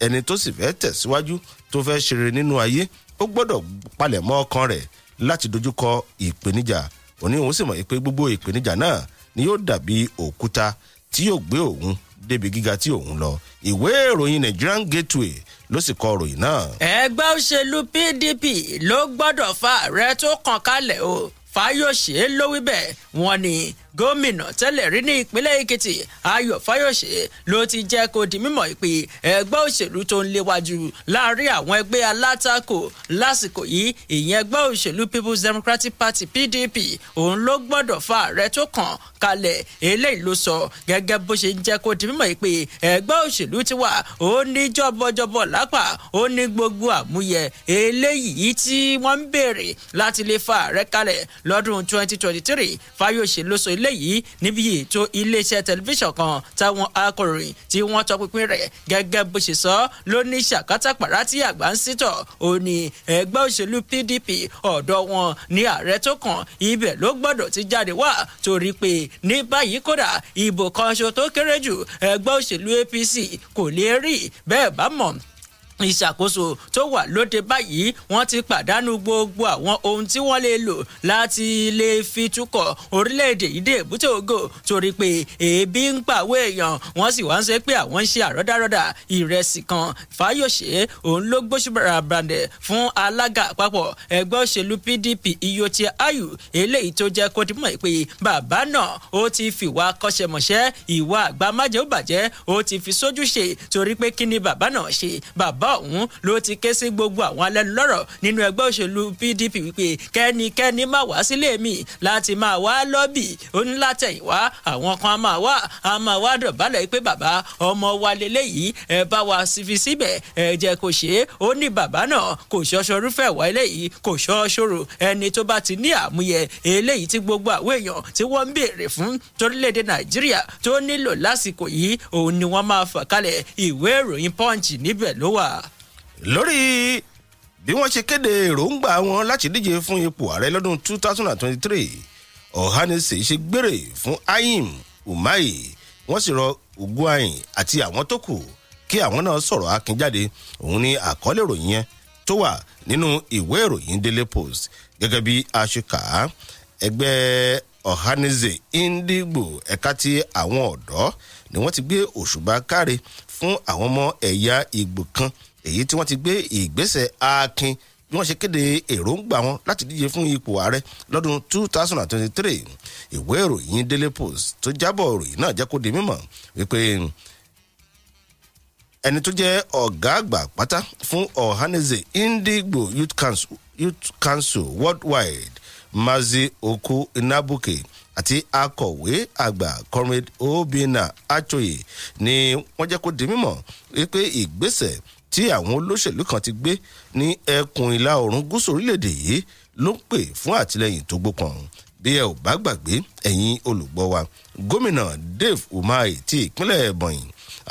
ẹni tó sì fẹ́ tẹ̀síwájú tó fẹ́ ṣeré nínú ayé ó gbọ́dọ̀ palẹ̀mọ́ ọkàn rẹ̀ láti dojúkọ ìpèníjà òní òun sì mọ̀ pé gbogbo ìpèníjà náà ni yóò dàbí òkúta tí yóò gbé òun débi gíga tí òun lọ ìwé ìròyìn nigerian gateway ló sì kọ ròyìn náà. ẹgbẹ́ òṣèlú pdp ló gbọ́dọ̀ fa ààrẹ tó kàn kalẹ̀ o fáyọ̀ṣe ló wí bẹ́ẹ̀ wọ́n ní gómìnà tẹ́lẹ̀ rí ní ìpínlẹ̀ èkìtì ayọ̀ fáyọ̀ṣe ló ti jẹ́ kó di mímọ̀ pé ẹgbẹ́ òṣèlú tó ń léwájú láàrin àwọn ẹgbẹ́ alátakò lásìkò yìí ìyẹn ẹgbẹ́ òṣèlú people's democratic party pdp òun ló gbọ́dọ̀ fa ààrẹ tó kàn kalẹ̀ eléyìí ló sọ gẹ́gẹ́ bó ṣe ń jẹ́ kó di mímọ̀ pé ẹgbẹ́ òṣèlú ti wà ó ní jọ́bọ̀jọ́bọ̀ lápá ó ní gbogbo àmúyẹ eléyìí tí wọ́n ń béèrè láti lè fa ààrẹ kalẹ̀ lọ́dún 2023 fáyọ̀ṣe ló sọ eléyìí níbi ètò iléeṣẹ́ tẹlifíṣàn kan táwọn akọ̀ròyìn tí wọ́n tọpinpin rẹ̀ gẹ́gẹ́ bó ṣe sọ ló ní ṣàkátàpàrà tí àgbà ń sítọ̀ ó ní ẹgbẹ́ òṣèlú PDP ọ̀dọ̀ wọn ní ààrẹ tó kàn ibẹ̀ ló gbọ́dọ̀ ti jáde wá torí pé ní báyìí kódà ìbò kan ṣo tó kéré jù ẹgbẹ́ òṣèlú APC kò lè rí bẹ́ẹ̀ bá mọ̀ ìṣàkóso tó wà lóde báyìí wọn ti pàdánù gbogbo àwọn ohun tí wọn lè lò láti lè fi túkọ̀ orílẹ̀-èdè ìdè èbúté ògo torí pé èébì ń pàwọ́ èèyàn wọn sì wá ń ṣe pé àwọn ń ṣe àrọ́dárọ́dà ìrẹsì kan fáyọ̀ṣe òun ló gbóṣùbàrà fún alága àpapọ̀ ẹgbẹ́ òṣèlú pdp iyotie ayu eléyìí tó jẹ́ kó dimọ̀ pé bàbá náà ó ti fìwà kọ́ṣẹ́mọṣẹ́ ìwà àgbà májèlú bàjẹ́ ó ti fi sójúṣe torí pé kí ni bàbá náà ṣe bàbá ọ̀hún ló ti ké sí gbogbo àwọn alẹ́nulọ́rọ̀ nínú ẹgbẹ́ òṣèlú pdp wípé kẹ́nikẹ́ni má wá sílé mi láti máa wá lọ́bì onílàtẹ̀yìnwá àwọn kan á máa wá á máa wá dọ̀bálẹ̀ pé bàbá ọmọ wa lélẹ́yìí ẹ bá wa fi síbẹ̀ ẹ jẹ́ kó ṣe é ó ní bàbá náà kò ṣọṣọ irúfẹ́ ìwà eléyìí kò ṣọṣọrò ẹni tó bá ti ní àmúyẹ eléyìí tí gbogbo àwọn èèyàn tí wọ́n ń béèrè fún torílẹ̀-èdè nàìjíríà tó nílò lásìkò yìí òun ni wọ́n máa fà kalẹ̀ ìwé ìròyìn punch níbẹ̀ ló wà lórí bí wọ́n ṣe kéde èròǹgbà wọn láti díje fún ipò ààrẹ lọ́dún 2023 Ohanaeze ṣe gbére fún Ayim Umahi wọ́n sì rọ Ugwuanyi àti àwọn tó kù kí àwọn náà sọ̀rọ̀ akínjáde òun ni àkọlé ìròyìn yẹn tó wà nínú ìwé ìròyìn Daily Post gẹ́gẹ́ bí aṣíkà ẹgbẹ́ Ohanaeze Ndigbo ẹ̀ka ti àwọn ọ̀dọ́ ni wọ́n ti gbé òṣùbà káre fún àwọn ọmọ ẹ̀yà Ìgbò kan èyí tí wọ́n ti gbé ìgbésẹ̀ akin bí wọ́n ṣe kéde èròǹgbà wọn láti díje fún ipò ààrẹ lọ́dún 2023 ìwé ìròyìn Daily Post tó jábọ̀ ìròyìn náà jẹ́ kó di mímọ̀ wípé ẹni tó jẹ́ ọ̀gá àgbà pátá fún Ohanaeze Ndigbo Youth Council, Youth Council Worldwide Mazi Oko Inabuke àti akọ̀wé àgbà comrade Obinna Achoye ni wọ́n jẹ́ kó di mímọ̀ wípé ìgbésẹ̀ tí àwọn olóṣèlú kan ti gbé ní ẹkùn ìlà oòrùn gúúsù orílẹ̀-èdè yìí ló ń pè fún àtìlẹyìn tó gbópọn bí ẹ ò bá gbàgbé ẹ̀yin olùgbọ́ wa gómìnà Dave Umahi ti ìpínlẹ̀ Ebonyi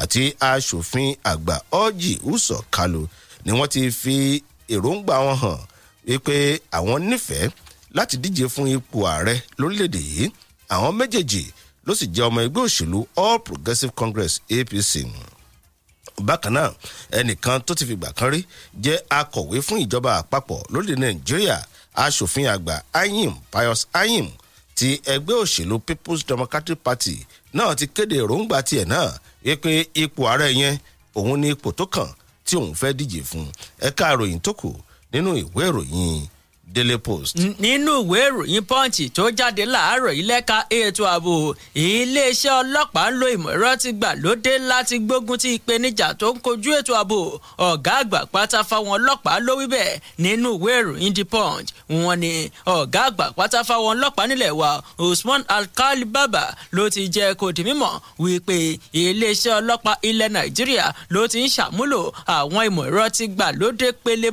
àti aṣòfin àgbà Orji Uso Kalu ni wọ́n ti fi èròǹgbà wọn hàn wípé àwọn nífẹ̀ẹ́ láti díje fún ipò ààrẹ lórílẹ̀‐èdè yìí àwọn méjèèjì ló sì jẹ́ ọmọ ẹgbẹ́ òṣèlú All Progressives Congress APC bákan náà ẹnìkan tó ti fìgbà kan rí jẹ́ akọ̀wé fún ìjọba àpapọ̀ lórílẹ̀ nàìjíríà aṣòfin àgbà ayim pius ayim ti ẹgbẹ́ òṣèlú people's democratic party náà ti kéde èròǹgbà tiẹ̀ náà wípé ipò ààrẹ yẹn òun ni ipò tó kàn tí òun fẹ́ díje fún ẹ̀ka ìròyìn tó kù nínú ìwé ìròyìn Daily Post. nínú ìwé ìròyìn punch tó jáde láàárọ̀ yìí lẹ́ka ètò ààbò iléeṣẹ́ ọlọ́pàá ń lo ìmọ̀ ẹ̀rọ ti gbà lóde láti gbógun ti ìpèníjà tó ń kojú ètò ààbò ọ̀gá àgbà pátá fáwọn ọlọ́pàá ló wí bẹ́ẹ̀ nínú ìwé ìròyìn the punch wọ́n ní ọ̀gá àgbà pátá fáwọn ọlọ́pàá nílẹ̀ wa Usman Alkali Baba ló ti jẹ́ kó di mímọ̀ wípé iléeṣẹ́ ọlọ́pàá ilẹ̀ Nàìjíríà ló ti ń ṣàmúlò àwọn ìmọ̀ ẹ̀rọ ti gbà lóde pele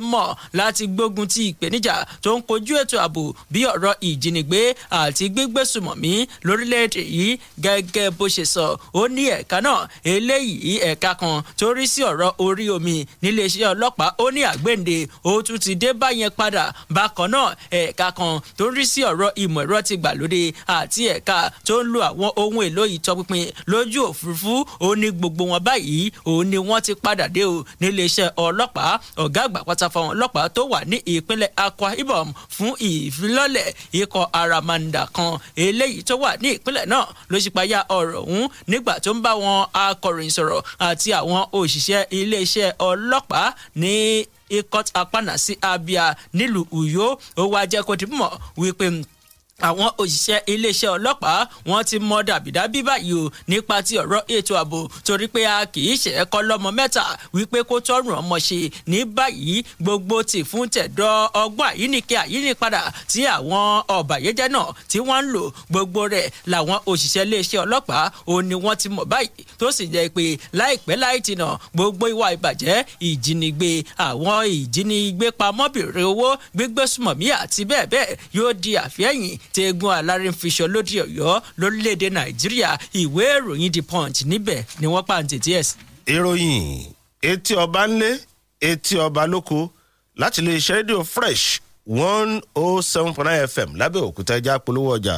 tó ń kojú ètò ààbò bí ọ̀rọ̀ ìjínigbé àti gbígbésùmọ̀mí lórílẹ̀‐èdè yìí gẹ́gẹ́ bó ṣe sọ ó ní ẹ̀ka náà eléyìí ẹ̀ka kan tó rí sí ọ̀rọ̀ orí omi níléeṣẹ́ ọlọ́pàá ó ní àgbéǹde ó tún ti dé báyẹn padà bákan náà ẹ̀ka kan tó ń rí sí ọ̀rọ̀ ìmọ̀ ẹ̀rọ ti gbàlódé àti ẹ̀ka tó ń lo àwọn ohun èlò ìtọpinpin lójú òfurufú ó ní gbogbo wọn báyìí ó ní wọ́n ti padà dé o níléeṣẹ́ ọlọ́pàá ọ̀gá àgbà pátá fáwọn ọlọ́pàá tó wà ní ìpínlẹ̀ Akwa Ibom uniform fún ìfilọ́lẹ̀ ikọ̀ aramanda kan eléyìí tó wà ní ìpínlẹ̀ náà ló ṣípayá ọ̀rọ̀ ọ̀hún nígbà tó ń bá wọn akọ̀ròyìn sọ̀rọ̀ àti àwọn òṣìṣẹ́ iléeṣẹ́ ọlọ́pàá ní ikọ̀ apánà sí abia nílùú uyo ó wá jẹ́ kó ti mọ̀ wípé àwọn òṣìṣẹ́ iléeṣẹ́ ọlọ́pàá wọn ti mọ dàbídàbí báyìí o nípa ti ọ̀rọ̀ ètò ààbò torí pé a kì í ṣe ẹ̀kọ́ lọ́mọ mẹ́ta wípé kó tọrùn ọmọ ṣe ní báyìí gbogbo ti fún tẹ̀dọ̀ ọgbọ́n àyíníkẹ àyínípadà tí àwọn ọ̀bàyéjẹ́ náà tí wọ́n ń lò gbogbo rẹ̀ làwọn òṣìṣẹ́ iléeṣẹ́ ọlọ́pàá o ni wọ́n ti mọ̀ báyìí tó sì jẹ́ pé láìpẹ́ láì tìnà gbogbo ìwà ìbàjẹ́ ìjínigbé àwọn ìjínigbé pamọ́bìnrin owó gbígbésùmọ̀mí àti bẹ́ẹ̀ bẹ́ẹ̀ yóò di àfihàn tegun alárinfiṣọ lóde ọ̀yọ́ lórílẹ̀‐èdè nàìjíríà ìwé ìròyìn the punch níbẹ̀ ni wọ́n pàǹtẹ̀tì ẹ̀ sí. ìròyìn etí ọba ńlé etí ọba lóko láti lè ṣe rédíò fresh one oh seven point nine fm lábẹ́òkúta ẹja polówó ọjà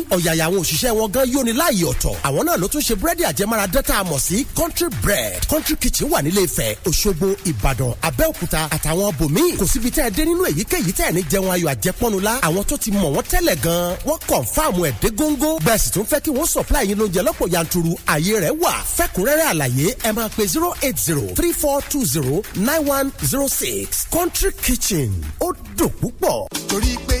ní ọ̀yàyà àwọn òṣìṣẹ́ wọn gan yóni láàyè ọ̀tọ̀ àwọn náà ló tún ṣe búrẹ́dì àjẹmára dẹ́ta àmọ̀ sí country bread country kitchen wà nílé Ifẹ̀ Òṣogbo Ìbàdàn Abẹ́òkúta àtàwọn bòmíì kò síbi tẹ́ ẹ dé nínú èyíkéyìí tẹ́ ẹ ní jẹun ayọ̀ àjẹpọ́nula àwọn tó ti mọ̀ wọ́n tẹ́lẹ̀ gan wọ́n kàn fáàmù ẹ̀ dé góńgó bẹ́ẹ̀ sì tún fẹ́ kí wọ́n supply yín lóúnjẹ lọ́pọ̀ yanturu ààyè rẹ̀ wà fẹ́kúnrẹ́rẹ́ àlàyé ẹ máa pe zero eight zero three four two zero nine one zero six country kitchen ó dùn púpọ̀. torí pé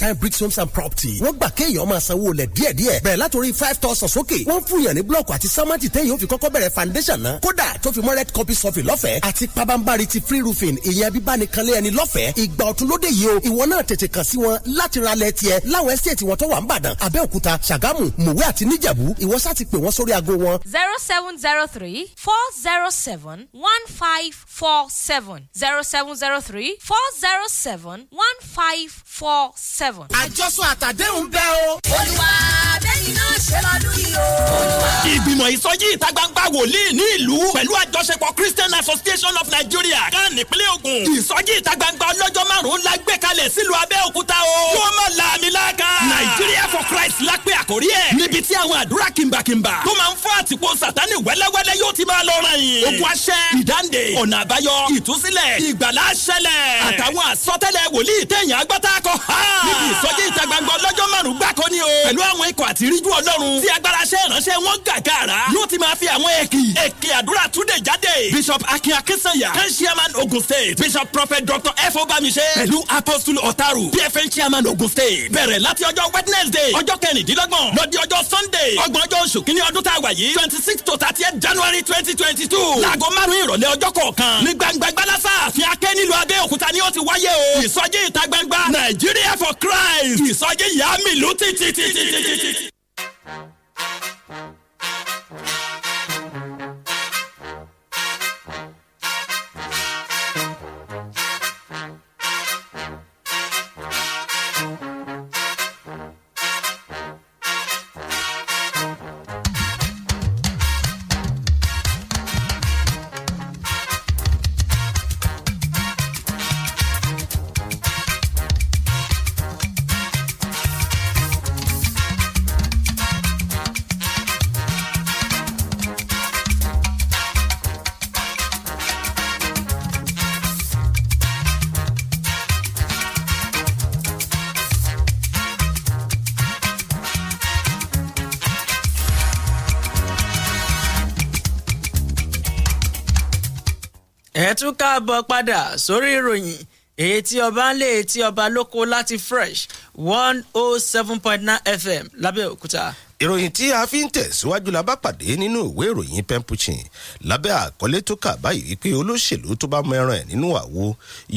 design bricks homes and property. wọ́n gbà kéèyàn máa sanwó lẹ̀ díẹ̀díẹ̀ bẹ̀rẹ̀ látòrí five thousand sókè. wọ́n fún yàn ní blọ́ọ̀kù àti sámẹ́ǹtì téèyàn fi kọ́kọ́ bẹ̀rẹ̀ foundation náà. kódà tó fi mọ́ red copy sọ́fì lọ́fẹ̀ẹ́ àti pabambari ti free roofing ìyẹn bíbánikanlé ẹni lọ́fẹ̀ẹ́. ìgbà ọ̀tun lóde yìí o ìwọ náà tètè kàn sí wọn láti ra lẹ̀ láwọn ẹ́sítéètì wọn tó wà ń bàdàn Abẹ́òkúta Ṣàgámù Mòwe àti Níjẹ̀bú ìwọ sá ti pè wọ́n sórí aago wọn. zero seven zero three four zero seven one five four seven zero seven zero three four zero seven one five four seven seven. àjọsọ àtàdéhùn bẹ́ẹ̀ o. olùwà bẹ́ẹ̀ni náà ṣe lọ́dún yìí o. ìgbìmọ̀ ìsọjí ìta gbangba wòlíì ní ìlú pẹ̀lú àjọṣepọ̀ Christian Association of Nigeria kan nípínlẹ̀ Ògùn. ìsọjí ìta gbangba ọlọ́jọ́ márùn-ún la gbé kalẹ̀ sílùú Abẹ́òkúta o. kí wọ́n má la àmì Nigeria for Christ la pé àkórí ẹ̀. níbi tí àwọn àdúrà kìmbàkìmbà tó máa ń fọ́ àtìpó sàtánì wẹ́lẹ́wẹ́lẹ́ yóò ti máa lọ rìn. ogun aṣẹ ìdáǹdè ọ̀nà àbáyọ ìtúsílẹ̀ ìgbàlá aṣẹlẹ̀ àtàwọn àsọtẹ́lẹ̀ wòlíì tẹ̀yìn agbátá kọ. níb ìsọjí ìta gbangba ọlọ́jọ́ márùn-ún gbáko ni o. pẹ̀lú àwọn ikọ̀ àti ríjú ọlọ́run tí agbára ṣẹ́ ìránṣẹ́ wọn gàgàrà ló ti máa fi àwọn èkì èkì àdúrà túnde jáde. bishop akin akinsanya kan chairman ogun state bishop prophet dr f obamise pẹ̀lú apostle otaru pfn chairman ogun state bẹ̀rẹ̀ láti ọjọ́ wednesday ọjọ́ kẹrìndínlọ́gbọ̀n lọ́dí ọjọ́ sunday ọgbọ̀n ọjọ́ oṣù kínní ọdún tá a wà yìí twenty six to thirty january twenty twenty two láago márùn-ún ìrọ̀lẹ́ ọjọ́ kọ̀ọ̀kan ní gbangba gbalasa àfin akẹ́ nílùú abẹ́òkúta ni ó ti wáyé o ìsọjí ìta gbangba nàìjíríà for Christ. Ìsọjí yàrá mi lù títí. káàbọ̀ padà sórí ìròyìn èyí ọba ń lé etí ọba lóko láti fresh one oh seven point nine fm lábẹ́òkúta. ìròyìn tí a fi ń tẹ̀síwájú la bá pàdé nínú ìwé ìròyìn pemphucin lábẹ́ àkọlé tó kà báyìí wípé olóṣèlú tó bá mọ ẹran ẹ̀ nínú àwo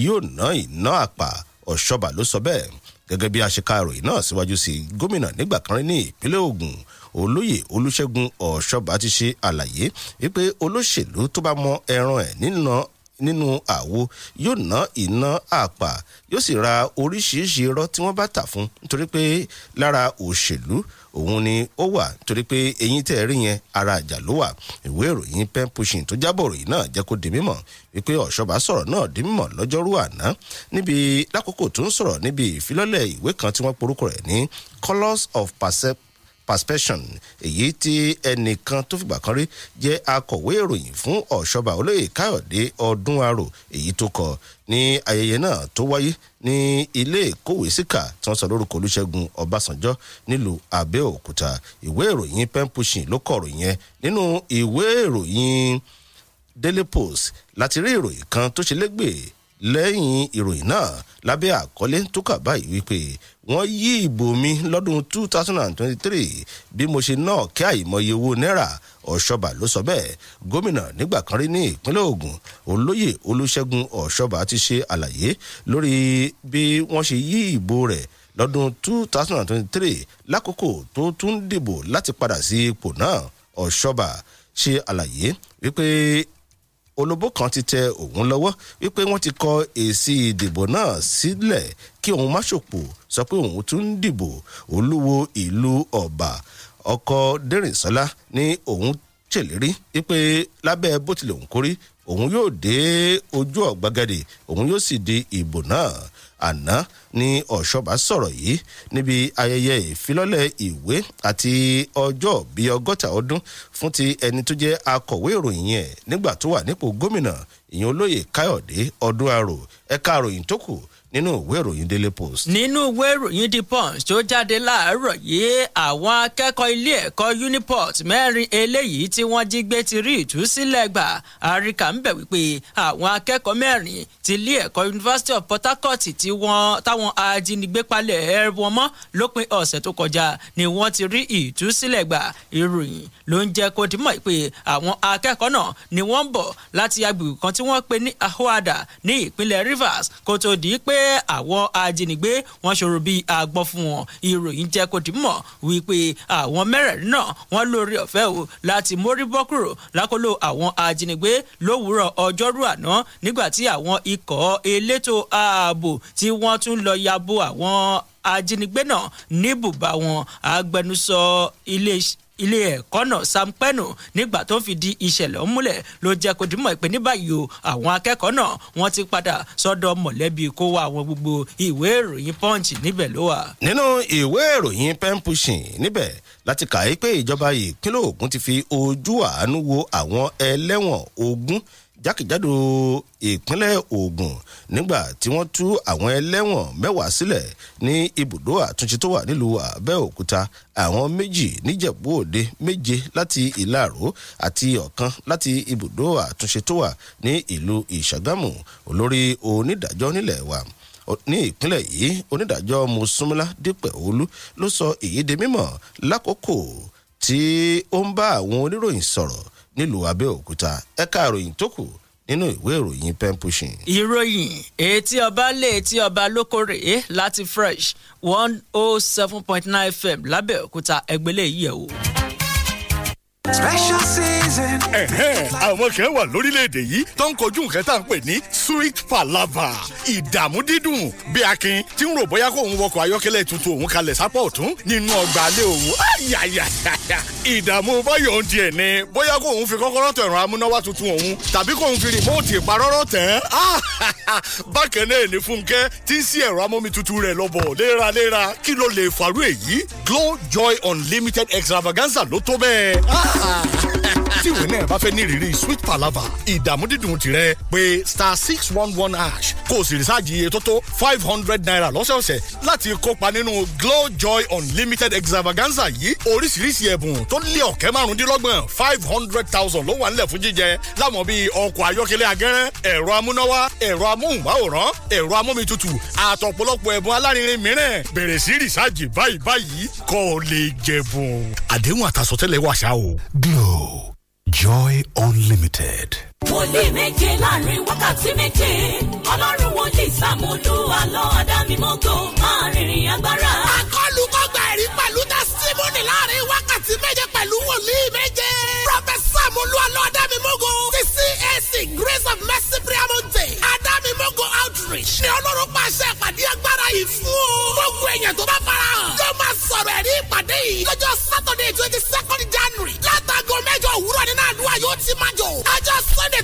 yóò ná ìná àpà ọ̀ṣọ́bà ló sọ bẹ́ẹ̀ gẹ́gẹ́ bí aṣèkà ìròyìn náà síwájú sí gómìnà nígbà kan rí ní ìpínlẹ̀ Ògùn olóyè olùṣègùn ọ̀ṣọ́bà ti ṣe àlàyé wípé olóṣèlú tó bá mọ ẹran ẹ̀ nínú nínú àwo yóò ná iná àpà yóò sì ra oríṣiríṣi irọ́ tí wọ́n bá tà fún nítorí pé lára òṣèlú òun ni ó wà torí pé eyín tẹ́ rí yẹn ara àjà ló wà ìwé ìròyìn pen pushing tó jábọ̀ ròyìn náà jẹ́ kó di mímọ̀ wípé ọ̀ṣọ́bà sọ̀rọ̀ náà di mímọ̀ lọ́jọ́rú àná níbi lákòókò tó ń sọ̀rọ̀ níbi ìfilọ́lẹ̀ ìwé kan tí wọ́n porúkọ rẹ̀ ní colours of perception Perception èyí tí ẹnìkan tó fìgbà kan rí jẹ́ akọ̀wé ìròyìn fún ọ̀ṣọ́ba olóyè káyọ̀dé ọdún arò èyí tó kọ ní ayẹyẹ náà tó wáyé ní ilé ìkówèésíkà tí wọ́n sọ lórúkọ olúṣẹ́gun ọbásanjọ́ nílùú abẹ́òkúta ìwé ìròyìn pen pushing ló kọ̀rọ̀ yẹn nínú ìwé ìròyìn daily post láti rí ìròyìn kan tó ṣe légbè lẹ́yìn ìròyìn náà lábẹ́ àkọlé tó kà báyìí wípé wọ́n yí ìbò mi lọ́dún 2023 bí mo ṣe náà kí àìmọye owó náírà ọ̀ṣọ́bà ló sọ bẹ́ẹ̀ gómìnà nígbà kan rí ní ìpínlẹ̀ Ògùn olóyè Olúṣẹ́gun ọ̀ṣọ́bà ti ṣe àlàyé lórí bí wọ́n ṣe yí ìbò rẹ̀ lọ́dún 2023 lákòókò tó tún dìbò láti padà sí ipò náà ọ̀ṣọ́bà ṣe àlàyé wípé olóbó kan ti tẹ òun lọ́wọ́ wípé wọ́n ti kọ èsì ìdìbò náà sílẹ̀ kí òun má ṣòpò sọ pé òun tún ń dìbò olúwo ìlú ọ̀bà ọkọ̀ dẹ́rìnsọ́lá ní òun ṣèlérí wípé lábẹ́ bó tilẹ̀ òun kórí òun yóò dé ojú ọ̀gbagadè òun yóò sì di ìbò náà àná ni ọ̀ṣọ́bà sọ̀rọ̀ yìí níbi ayẹyẹ ìfilọ́lẹ̀ ìwé àti ọjọ́ bíi ọgọ́ta ọdún fún ti ẹni tó jẹ́ akọ̀wé ìròyìn yẹn nígbà tó wà nípò gómìnà ìyẹn olóyè káyọ̀dé ọdún arò ẹ̀ka ìròyìn tó kù nínú ìwé ìròyìn daily post. nínú ìwé ìròyìn the punch tó jáde láàárọ̀ yìí àwọn akẹ́kọ̀ọ́ ilé ẹ̀kọ́ uniport mẹ́rin eléyìí tí wọ́n jí gbé ti rí ìtúsílẹ̀ gbà àríkà ń bẹ̀ wípé àwọn akẹ́kọ̀ọ́ mẹ́rin ti ilé ẹ̀kọ́ university of port harcourt tí wọ́n táwọn ajínigbé palẹ̀ ẹ̀rọ mọ́ lópin ọ̀sẹ̀ tó kọjá ni wọ́n ti rí ìtúsílẹ̀ gbà ìròyìn ló ń jẹ́ kó dimọ̀ pé àwọn akẹ́kọ̀ọ́ náà ni wọ́n ń bọ̀ láti agbègbè kan tí wọ́n pe ní ahoada ní ìpínlẹ̀ rivers kó tó di pé àwọn ajínigbé wọ́n ṣòro bíi agbọ́n fún wọn ìròyìn jẹ́ kó di mọ̀ wípé àwọn mẹ́rẹ̀ẹ̀rin náà wọ́n lórí ọ̀fẹ́ o láti mórí bọ́ kúrò lákòlò àwọn ajínigbé lówùúrọ̀ ọjọ́rú àná nígbà tí àwọn ikọ̀ elétò ààbò tí wọ́n tún lọ yabo àwọn ajínigbé náà ní wọn agbẹnusọ iléeṣẹ́ ilé ẹ̀kọ́ náà Sam Pẹ́nu nígbà tó ń fi di ìṣẹ̀lẹ̀ ọ̀hún múlẹ̀ ló jẹ́ kó dìmọ̀ pé ní báyìí o àwọn akẹ́kọ̀ọ́ náà wọ́n ti padà sọ́dọ̀ mọ̀lẹ́bí kó wá àwọn gbogbo ìwé ìròyìn Punch níbẹ̀ ló wà. nínú ìwé ìròyìn pen pushing níbẹ̀ láti kà pé ìjọba ìpínlẹ̀ Ògùn ti fi ojú àánú wo àwọn ẹlẹ́wọ̀n ogún jákèjádò ìpínlẹ̀ Ògùn nígbà tí wọ́n tú àwọn ẹlẹ́wọ̀n mẹ́wàá sílẹ̀ ní ibùdó àtúnṣe tó wà nílùú Àbẹ́òkúta àwọn méjì níjẹ̀bú òde méje láti ìlàró àti ọ̀kan láti ibùdó àtúnṣe tó wà ní ìlú Ìṣàgámù olórí onídàájọ́ nílẹ̀ wa ní ìpínlẹ̀ yìí onídàájọ́ Mosúnmọ́lá Dípẹ̀ Olú ló sọ èyí di mímọ̀ lákòókò tí ó ń bá àwọn oníròyìn sọ̀rọ̀ nílùú Abẹ́òkúta ẹ̀ka ìròyìn tó kù nínú ìwé ìròyìn pen pushing. ìròyìn etí ọba lé etí ọba lókòrè láti fresh one oh seven point nine fm lábẹ́òkúta ẹgbẹ́lẹ́ yìí ẹ̀ wò special season. ẹ̀hẹ́n àwọn kan wà lórílẹ̀‐èdè yìí tó ń kojú nǹkan tá à ń pè ní sweet palava ìdààmú dídùn bí akin tí ń rò bóyá kó òun wọkọ̀ ayọ́kẹ́lẹ́ tuntun òun kalẹ̀ sápọ̀ ọ̀tún nínú ọgbà alẹ́ òun ìdààmú báyọ̀ ń diẹ̀ ni bóyá kó òun fi kọ́kọ́rọ́ tẹ̀ ẹ̀rọ amúnáwá tuntun òun tàbí kó òun fi rìmọ́ọ̀tì ìparọ́rọ́ tẹ̀ ẹ́ ah, [LAUGHS] bákan náà ní fúnkẹ́ tí ń sí ẹ̀rọ amómi tuntun rẹ̀ lọ́bọ̀ léraléra kí ló lè fàrú èyí glow joy unlimited extravaganza ló tó bẹ́ẹ̀. Ah, Uh-uh. tí ìwé náà bá fẹ́ ní ìrírí sweet palava ìdààmú dídùn tirẹ̀ pé star six one one ash kó o sì rìsáàjì iye tó tó five hundred naira lọ́sọ̀ọ̀sẹ̀ láti kópa nínú glow joy unlimited extravaganza yìí oríṣiríṣi ẹ̀bùn tó lé ọ̀kẹ́ márùndínlọ́gbọ̀n five hundred thousand ló wà nílẹ̀ fún jíjẹ láwọn bíi ọkọ̀ ayọ́kẹ́lẹ́ agẹ́rẹ́ ẹ̀rọ amúnáwá ẹ̀rọ amóhùnmáwòrán ẹ̀rọ amómitutù àtọ̀pọ̀lọpọ̀ ẹ̀bùn alárinrin mìíràn bẹ̀rẹ̀ sí rìsáàjì báyìí báyìí kó o lè jẹ̀bùn àdéhùn àtàsọ̀tẹ́lẹ̀ wàṣà o glow Joy Unlimited. méje láàrin wákàtí méje ọlọ́run sàmúlò àlọ́ agbára. akọlù kọgbà ẹ̀rí pẹ̀lú láàrin wákàtí méje pẹ̀lú méje. ti CAC Grace of Mercy outreach ni ọlọ́run pàṣẹ ìpàdé àgbà. I fún o. gbogbo èèyàn tó bá fara hàn. yóò máa sọ̀rọ̀ ẹ̀rí ìpàdé yìí. lọ́jọ́ sátọ̀dẹ̀ twenty second january. látago mẹ́jọ òwúrọ̀ nínú àdúrà yóò ti máa jò. sunday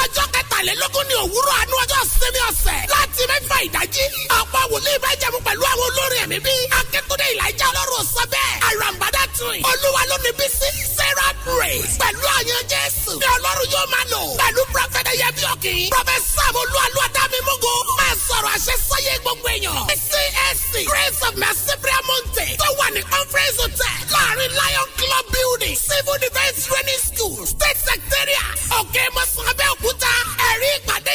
ọjọ́ kẹta mọ́kànlélógún ní òwúrọ̀ àánú ọjọ́ sinmi ọ̀sẹ̀ láti mẹ́fà ìdájí. ọ̀pọ̀ wòlíì bá jẹ̀mú pẹ̀lú àwọn olórin ẹ̀mí bíi akíntúndé ìlàjà ọlọ́run sọ bẹ́ẹ̀. àràǹbádà tún olúwa ló ní bísí sarah praise pẹ̀lú àyàn jésù ní ọlọ́run yóò máa lò pẹ̀lú prọfẹ̀tà yẹbi ọ̀kì prọfẹ̀sà olúwalú adámímógó máa sọ̀rọ̀ àṣẹ sọ́yé gbogbo èèyàn csc grace of mercy prayer mountain tó wà ní conference hotel láàrin lion club building civil defence training school state bacteria òkè mọ́sán abẹ́òkúta ẹ̀rí ìpàdé.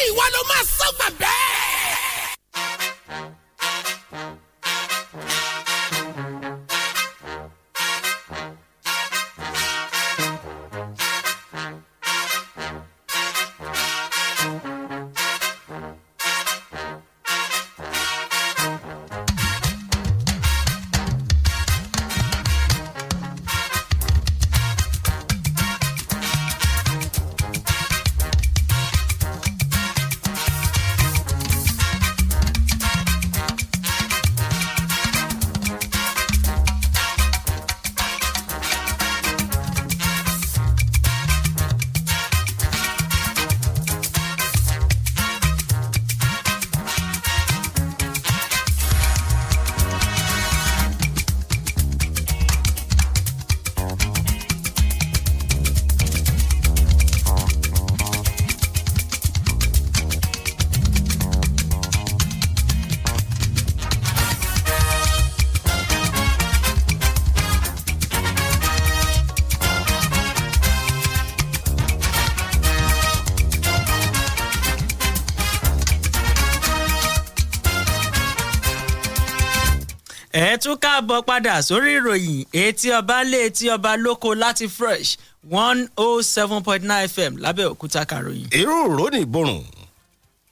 káàbọ̀ padà sórí ìròyìn etí ọba lé etí ọba lóko láti fresh one oh seven point nine fm lábẹ́òkúta kàròyìn. irú ìrònú ìborùn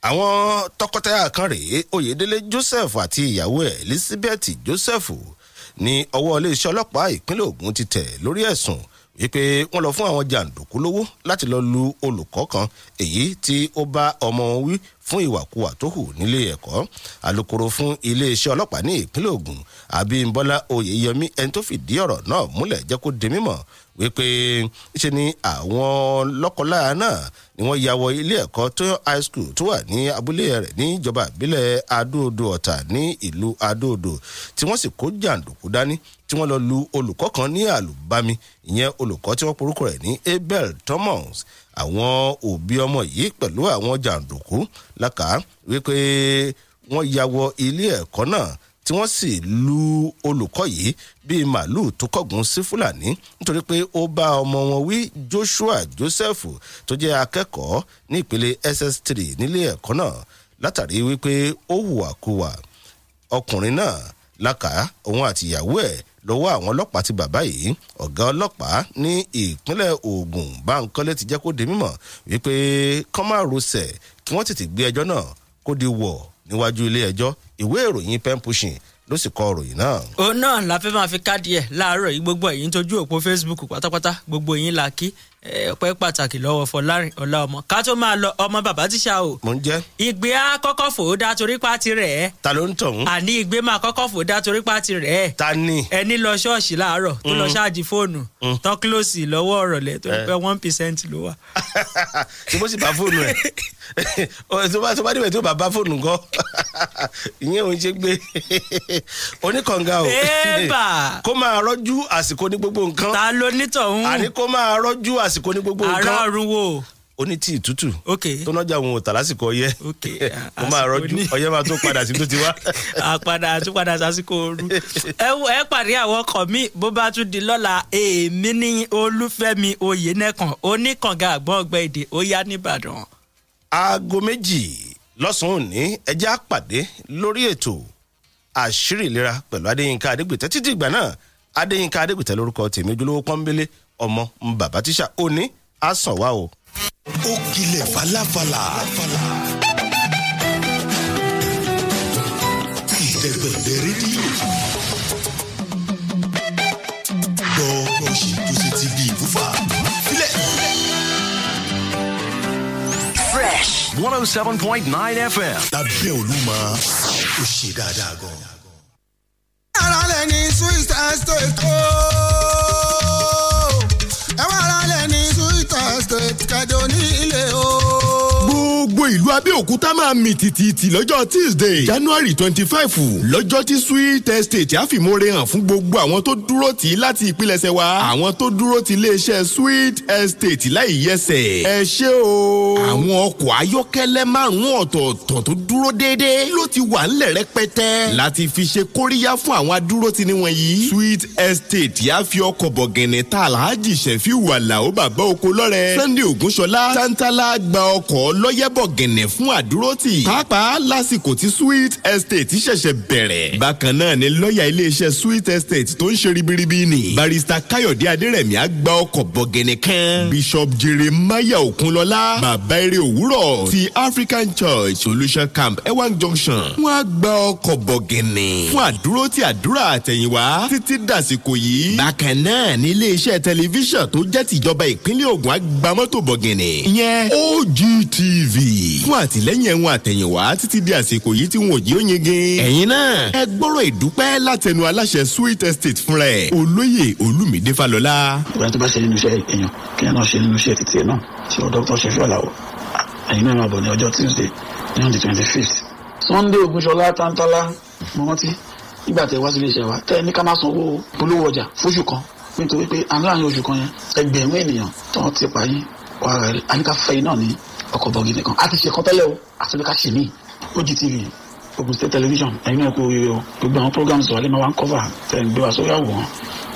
àwọn tọkọtaya kan rèé oyèdélé joseph àti ìyàwó ẹ̀ elizabeth joseph ní ọwọ́ iléeṣẹ́ ọlọ́pàá ìpínlẹ̀ ogun ti tẹ̀ lórí ẹ̀sùn wípé wọ́n lọ fún àwọn jàǹdùkú lówó láti lọ lu olùkọ́ kan èyí tí ó bá ọmọ wí fún ìwàkuwà tó hù nílé ẹ̀kọ́ alūkkóró fún iléeṣẹ́ ọlọ́pàá ní ìpínlẹ̀ Ògùn Abímbọ́lá Oyèyẹmí ẹni tó fìdí ọ̀rọ̀ náà múlẹ̀ jẹ́ kó di mímọ̀ wípé ṣe ni àwọn lọ́kọláya náà ni wọ́n ya wọ ilé ẹ̀kọ́ Tóyọ̀ high school tó wà ní abúlé rẹ̀ níjọba ìbílẹ̀ Adó-Odò Ọ̀tà ní ìlú Adó-Odò tí wọ́n sì kó jàǹdùkú dání tí wọ́n lọ lu olùkọ́ kan ní àlùbami ìyẹn olùkọ́ tí wọ́n porúkọ rẹ̀ ní Abel Thomas àwọn òbí ọmọ yìí pẹ̀lú àwọn jàǹdùkú lákà wípé wọ́n ya wọ ilé ẹ̀kọ́ náà tí wọ́n sì lu olùkọ́ yìí bíi màálù tó kọ̀gùn sí fúlàní nítorí pé ó bá ọmọ wọn wí joshua joseph tó jẹ́ akẹ́kọ̀ọ́ ní ìpele ss3 nílé ẹ̀kọ́ náà látàrí wípé ó hùwàkuwà ọkùnrin náà lákà òun àti ìyàwó ẹ̀ lọ́wọ́ àwọn ọlọ́pàá ti bàbá yìí ọ̀gá ọlọ́pàá ní ìpínlẹ̀ Ògùn Bánkọ́lé ti jẹ́ kó di mímọ̀ wípé kán má rosẹ̀ kí wọ́n tètè gbé ẹjọ́ náà kó di wọ̀ níwájú ilé ẹjọ́ ìwé ìròyìn pen pushing ló sì kọ ìròyìn náà. òun náà la fẹ́ máa fi káàdì ẹ̀ láàárọ̀ yìí gbogbo ẹ̀yin tójú òpó Facebook pátápátá gbogbo yín la ọpẹ́ pàtàkì lọ́wọ́ fọlárin ọlá ọmọ ká tó máa lọ ọmọ bàbá tíṣà o. mo ń jẹ́. ìgbé á kọ́kọ́ fò ó dá torí pa ti rẹ̀ ta ló ń tọ̀hún. àní ìgbé máa kọ́kọ́ fò ó dá torí pa ti rẹ̀ ta ni. ẹni lọ ṣọ́ọ̀ṣì láàárọ̀ tó lọ mm. ṣáàjì fóònù mm. tán lọ́wọ́ ọ̀rọ̀lẹ́ tó ń eh. one percent ló wà. ṣé [LAUGHS] bó sì bá fóònù ẹ̀. [LAUGHS] [LAUGHS] tó bá dìbẹ̀ tó bá bá fóònù kọ́ [LAUGHS] ìyẹn òun ṣe gbé [LAUGHS] oníkànga o kó máa rọ́jú àsìkò ní gbogbo nǹkan ta ló nítọ̀hún àní kó máa rọ́jú àsìkò ní gbogbo nǹkan ara ọ̀run wo ó ní tíì tútù tó nájà òun ò tà lásìkò ọyẹ mo máa rọjú ọyẹ máa tó padà sí tó ti wá. àpadà àtúpadà sásìkò ooru ẹ pàdé àwọn ọkọ mi bó bá tún di lọ́la èmi ní olúfẹ́mi oyènẹ́kan oníkànga àgbọ̀ngbẹ èdè ó yá nìbàdàn aago méjì lọ́sàn-án òní ẹjẹ́ àpàdé lórí ètò àṣírí ìlera pẹ̀lú adéyínká adégbètẹ́ títí ìgbà náà adéyínká adégbètẹ́ lórúkọ tèmi ojúlówó pọ́nbélé ọmọ bàbá tíṣà òní á sàn wá o. ó kilẹ̀ falafala. ìdẹ́gbẹ̀gbẹ̀ rédíò. gbọ́ bó tó ṣe ti bí ìwúfà. 107.9 FM. lábẹ́ olúmọ ó ṣe dáadáa gan. ara lẹ ní sweet estate ooo ẹ wá ara lẹ ní sweet estate kẹdùn ní ilé ooo gbogbo ìlú abẹ́òkúta máa mì tìtìtì lọ́jọ́ tuesday january twenty five lọ́jọ́ tí sweet estate àfìmọ́re hàn fún gbogbo àwọn tó dúró tì í láti ìpilẹ̀ṣẹ̀ wa àwọn tó dúró ti iléeṣẹ́ sweet estate láì yẹsẹ̀ ẹ ṣé o. àwọn ọkọ̀ ayọ́kẹ́lẹ́ márùn-ún ọ̀tọ̀ọ̀tọ̀ tó dúró déédéé ló ti wà ńlẹ̀ rẹpẹtẹ láti fi ṣe kóríyá fún àwọn adúrótini wọ̀nyí sweet estate yà fi ọkọ̀ bọ̀gẹ̀nẹ̀ ta alhaji ṣẹ̀fíù wàlà ó bàbá oko lọ́rẹ̀ sunday ògúnṣọlá tántálá gba ọkọ̀ lọ́yẹ̀bọ̀ ọ̀gẹ̀nẹ̀ fún àdúrótì pàápàá lásìkò tí sweet estate ṣẹ̀ṣẹ̀ bẹ̀rẹ̀ bákan náà ni lọ́ọ̀yà iléeṣẹ́ sweet estate tó ń ṣe ribiribi ni barista káyọ̀dé adérẹ̀mí á gba ọkọ̀ bọ̀gẹ̀nẹ̀ kan bishop jeremiah okunlọ́lá bàbá eré òwúrọ̀ ti african church solution camp ewang junction wọ́n á gba ọkọ̀ bọ̀gẹ̀nẹ̀ fún àdúrótì àdúrà àtẹ̀yìnwá títí dàsìkò yìí bákan náà ni iléeṣẹ́ tẹlifíṣàn tó jẹ́ tìjọba ìpínlẹ̀ ògùn á gba mọ́tò bọ̀gẹ̀nẹ̀ ìyẹn ogtv yìí fún àtìlẹ́yìn ẹ̀wọ̀n àtẹ̀yìnwá títí di àsìkò yìí tí wọn ò jí ó yingin. ẹ̀yin náà ẹ gbọ́rọ̀ ìdúpẹ́ látẹnu aláṣẹ sweet estate fúnra ẹ̀ olóyè olùmídé falọlá. ìgbà tó bá ṣe nínú iṣẹ́ èèyàn kí ẹ náà ṣe nínú iṣẹ́ títì náà tí ó dókítà ṣe fẹ́ làwọ̀ ẹ̀yin náà máa bọ̀ ní ọjọ́ tuesday ní on the twenty fifth sunday ogunṣọlá tantala mo rántí nígbà tẹ wá sílé iṣẹ́ wa tẹ ní ká má sanwó polówó ọjà fóṣù kan nítorí pé àárín oṣù kan yẹn ẹgbẹ̀rún ènìyàn tó ti pààyàn wàá rẹ̀ àníkà fẹ́ iná ní ọkọ̀ bọ̀gì nìkan a ti ṣe ẹ̀kọ́ tẹ́lẹ̀ o àti bí ká ṣe mí OGTV Ogun State Television ẹ̀yin náà kú oríire o gbogbo àwọn programs wà lẹ́nu wa ń cover tẹ̀ ń gbé wa sórí àwòrán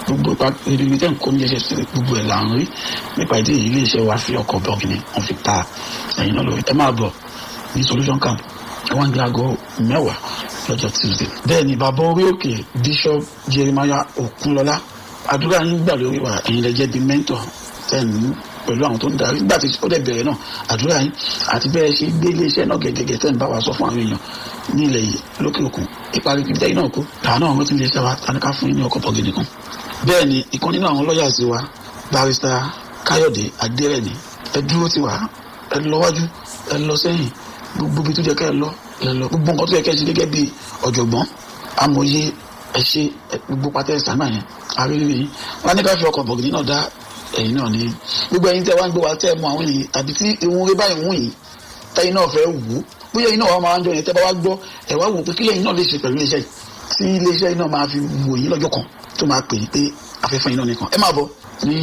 gbogbo ipa ibi tẹ́ ń kó nílé iṣẹ́ sí gbogbo ẹ̀ là ń rí nípa ìdí èyí ilé iṣẹ́ wa fi ọkọ̀ bọ̀gì ni wọ́n fi ta ẹ̀yin náà lórí ẹ máa bọ̀ ní solution camp wọ́n ń gbé aago mẹ́wàá lọ́jọ́ Tuesday bẹ́ẹ̀ ni bàbá orí òkè Bishop Jeremiah Okunlọlá àdúrà yín gbà lórí wa ẹ̀yin lẹ jẹ́ bí mentor ń pẹ̀lú àwọn tó ń darí nígbà tí ó dẹ̀ bẹ̀rẹ̀ náà àdúrà yín àti bẹ́ẹ̀ ṣe gbé iléeṣẹ́ náà gẹ̀gẹ̀gẹ̀ tẹ́ ń bá wa sọ fún àwọn èèyàn ní ilẹ̀ yìí lókè òkun ìparí ibi tẹ́yìn náà kó tàà náà wọ́n ti lè ṣe wa tanika fún yín ní ọkọ̀ bọ̀gìnì kan. bẹ́ẹ̀ ni ìkan nínú àwọn lọ́ọ̀yà sí wa barista Káyọ̀dé Adérẹ̀mí ẹ dúró tiwa ẹ lọ wájú ẹ lọ sẹ́yìn gbogbo ibi tó jẹ́ ká ẹ yẹ ẹ̀yin náà ni gbogbo ẹ̀yin tẹ́ wá ń gbé wa tẹ́ ẹ mọ àwọn èyí àbí tí ìwọ̀n rẹ báyìí wùn yìí tẹ́yin náà fẹ́ wù ú bóyá ẹ̀yin náà wà máa ń jọ yẹn tẹ́ bá wá gbọ́ ẹ̀ wá wò pé kílẹ̀ ẹ̀yin náà lè ṣe pẹ̀lú iléeṣẹ́ yìí tí iléeṣẹ́ yìí náà máa fi wò yín lọ́jọ́ kan tó máa pè yín pé afẹ́fẹ́ yín náà nìkan ẹ máa bọ̀ ní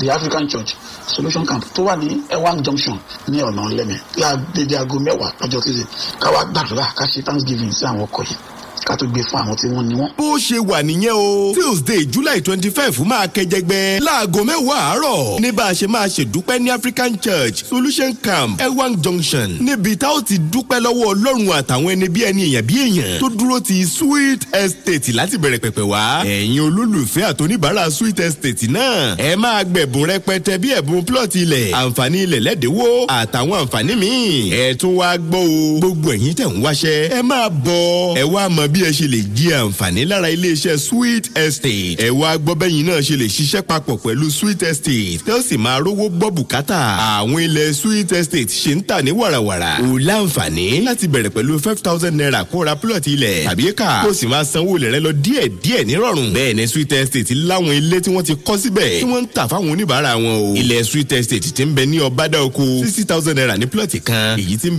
the African Church Solution Camp tó wà ní ewang junction ní ọ̀nà lẹ́mẹ̀ láàdédé aago mẹ́wàá lọ́jọ́ tuesday káwá gbàdúrà ká ṣe thanksgiving sí àwọn ọkọ̀ yìí ká tó gbé fún àwọn tí wọ́n ní wọ́n. bó ṣe wà nìyẹn o Tuesday July twenty five máa kẹjẹgbẹ láago mẹ́wàá àárọ̀ ní bá a ṣe máa ṣèdúpẹ́ ní African Church Solution Camp Ewang Junction níbi tá ó ti dúpẹ́ lọ́wọ́ Ọlọ́run àtàwọn ẹni bí ẹni èèyàn bí èèyàn tó dúró ti Sweet Estate láti bẹ̀rẹ̀ pẹ̀pẹ̀ wá ẹ̀yin olólùfẹ́ àtòníbàárà Sweet Estate náà ẹ máa gbẹ̀bùn rẹpẹtẹ bí ẹ̀bùn plọ̀tì ilẹ̀ àǹfààní ilẹ̀ lẹ́dẹ̀wó àtàwọn àǹfààní míì ẹ̀ tún wá gbọ́ o gbogbo ẹ̀yin tẹ̀ ń wáṣẹ́ ẹ máa bọ̀ ẹ wá mọ mọ bí ẹ ṣe lè jẹ àǹfààní lára iléeṣẹ́ sweet estate ẹ wá gbọ́ bẹ́yìn náà ṣe lè ṣiṣẹ́ papọ̀ pẹ̀lú sweet estate tẹ́ ó sì máa rówó gbọ́ bùkátà àwọn ilẹ̀ sweet estate ṣe ń tà ní wàràwàrà ò láǹfààní láti bẹ̀rẹ̀ pẹ̀lú five thousand naira kó ra plot ilẹ̀ tàbí ká kó sì máa sanwó ilẹ̀ rẹ lọ díẹ̀ díẹ̀ nírọ̀rùn bẹ́ẹ̀ ni sweet estate láwọn ilé tí wọ́n ti kọ́ síbẹ̀ tí wọ́n ń tà fáwọn oníbàárà wọn o ilẹ̀ sweet estate ti ń bẹ sixty thousand naira ní plot kan èyí ti ń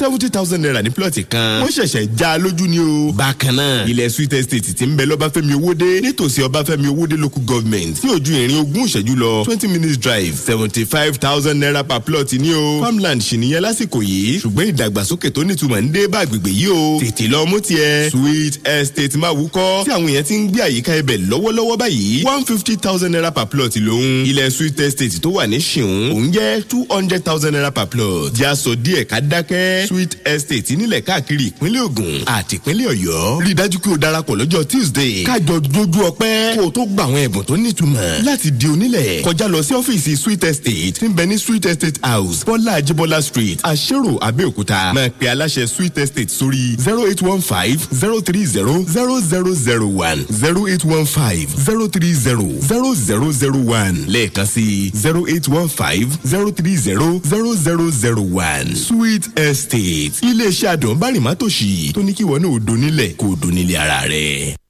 seventy thousand naira ní plot kan wọ́n ṣẹ̀ṣẹ̀ já lójú ni o o. bákan náà ilẹ̀ sweet estate ti ń bẹ lọ́báfẹ́mi owóde nítòsí ọbáfẹ́mi owóde local government tí ojú ìrìn ogún ìṣẹ́jú lọ twenty minutes drive seventy five thousand naira per plot ni o farmland sì nìyẹn lásìkò yìí ṣùgbọ́n ìdàgbàsókè tó nítumọ̀ ń dé bá àgbègbè yìí o tètè lọ mú tiẹ̀ sweet estate máa wúkọ́ tí àwọn èèyàn ti ń gbé àyíká ibẹ̀ lọ́wọ́lọ́wọ́ báyìí one fifty thousand naira per plot lòun ilẹ̀ sweet estate tó wà ní ṣìún òun jẹ́ two hundred thousand naira per plot jẹ́ àsọ díẹ̀ ká dákẹ́ sweet estate nílẹ̀ káàkiri ìpínlẹ̀ Ògùn àti ìpínlẹ̀ ọ̀yọ́ rí i dájú pé o darapọ̀ lọ́jọ́ tuesday kájọ dojú ọpẹ́ kó o tó gba àwọn ẹ̀bùn tó nítumọ̀ láti di onílẹ̀ kọjá lọ sí ọ́fíìsì sweet estate tí ń sweet estate house bọ́lá àjíbọ́lá street àṣérò abẹ́òkúta máa pe aláṣẹ sweet estate sórí zero eight one five zero three zero zero zero zero one zero eight one five zero three zero zero zero zero one lẹ́ẹ̀kan sí zero eight one five zero three zero zero zero zero one sweet estate iléeṣẹ́ àdánbárìmátòṣì tó ní kí wọn náà donílẹ̀ kó o donílẹ̀ ara rẹ.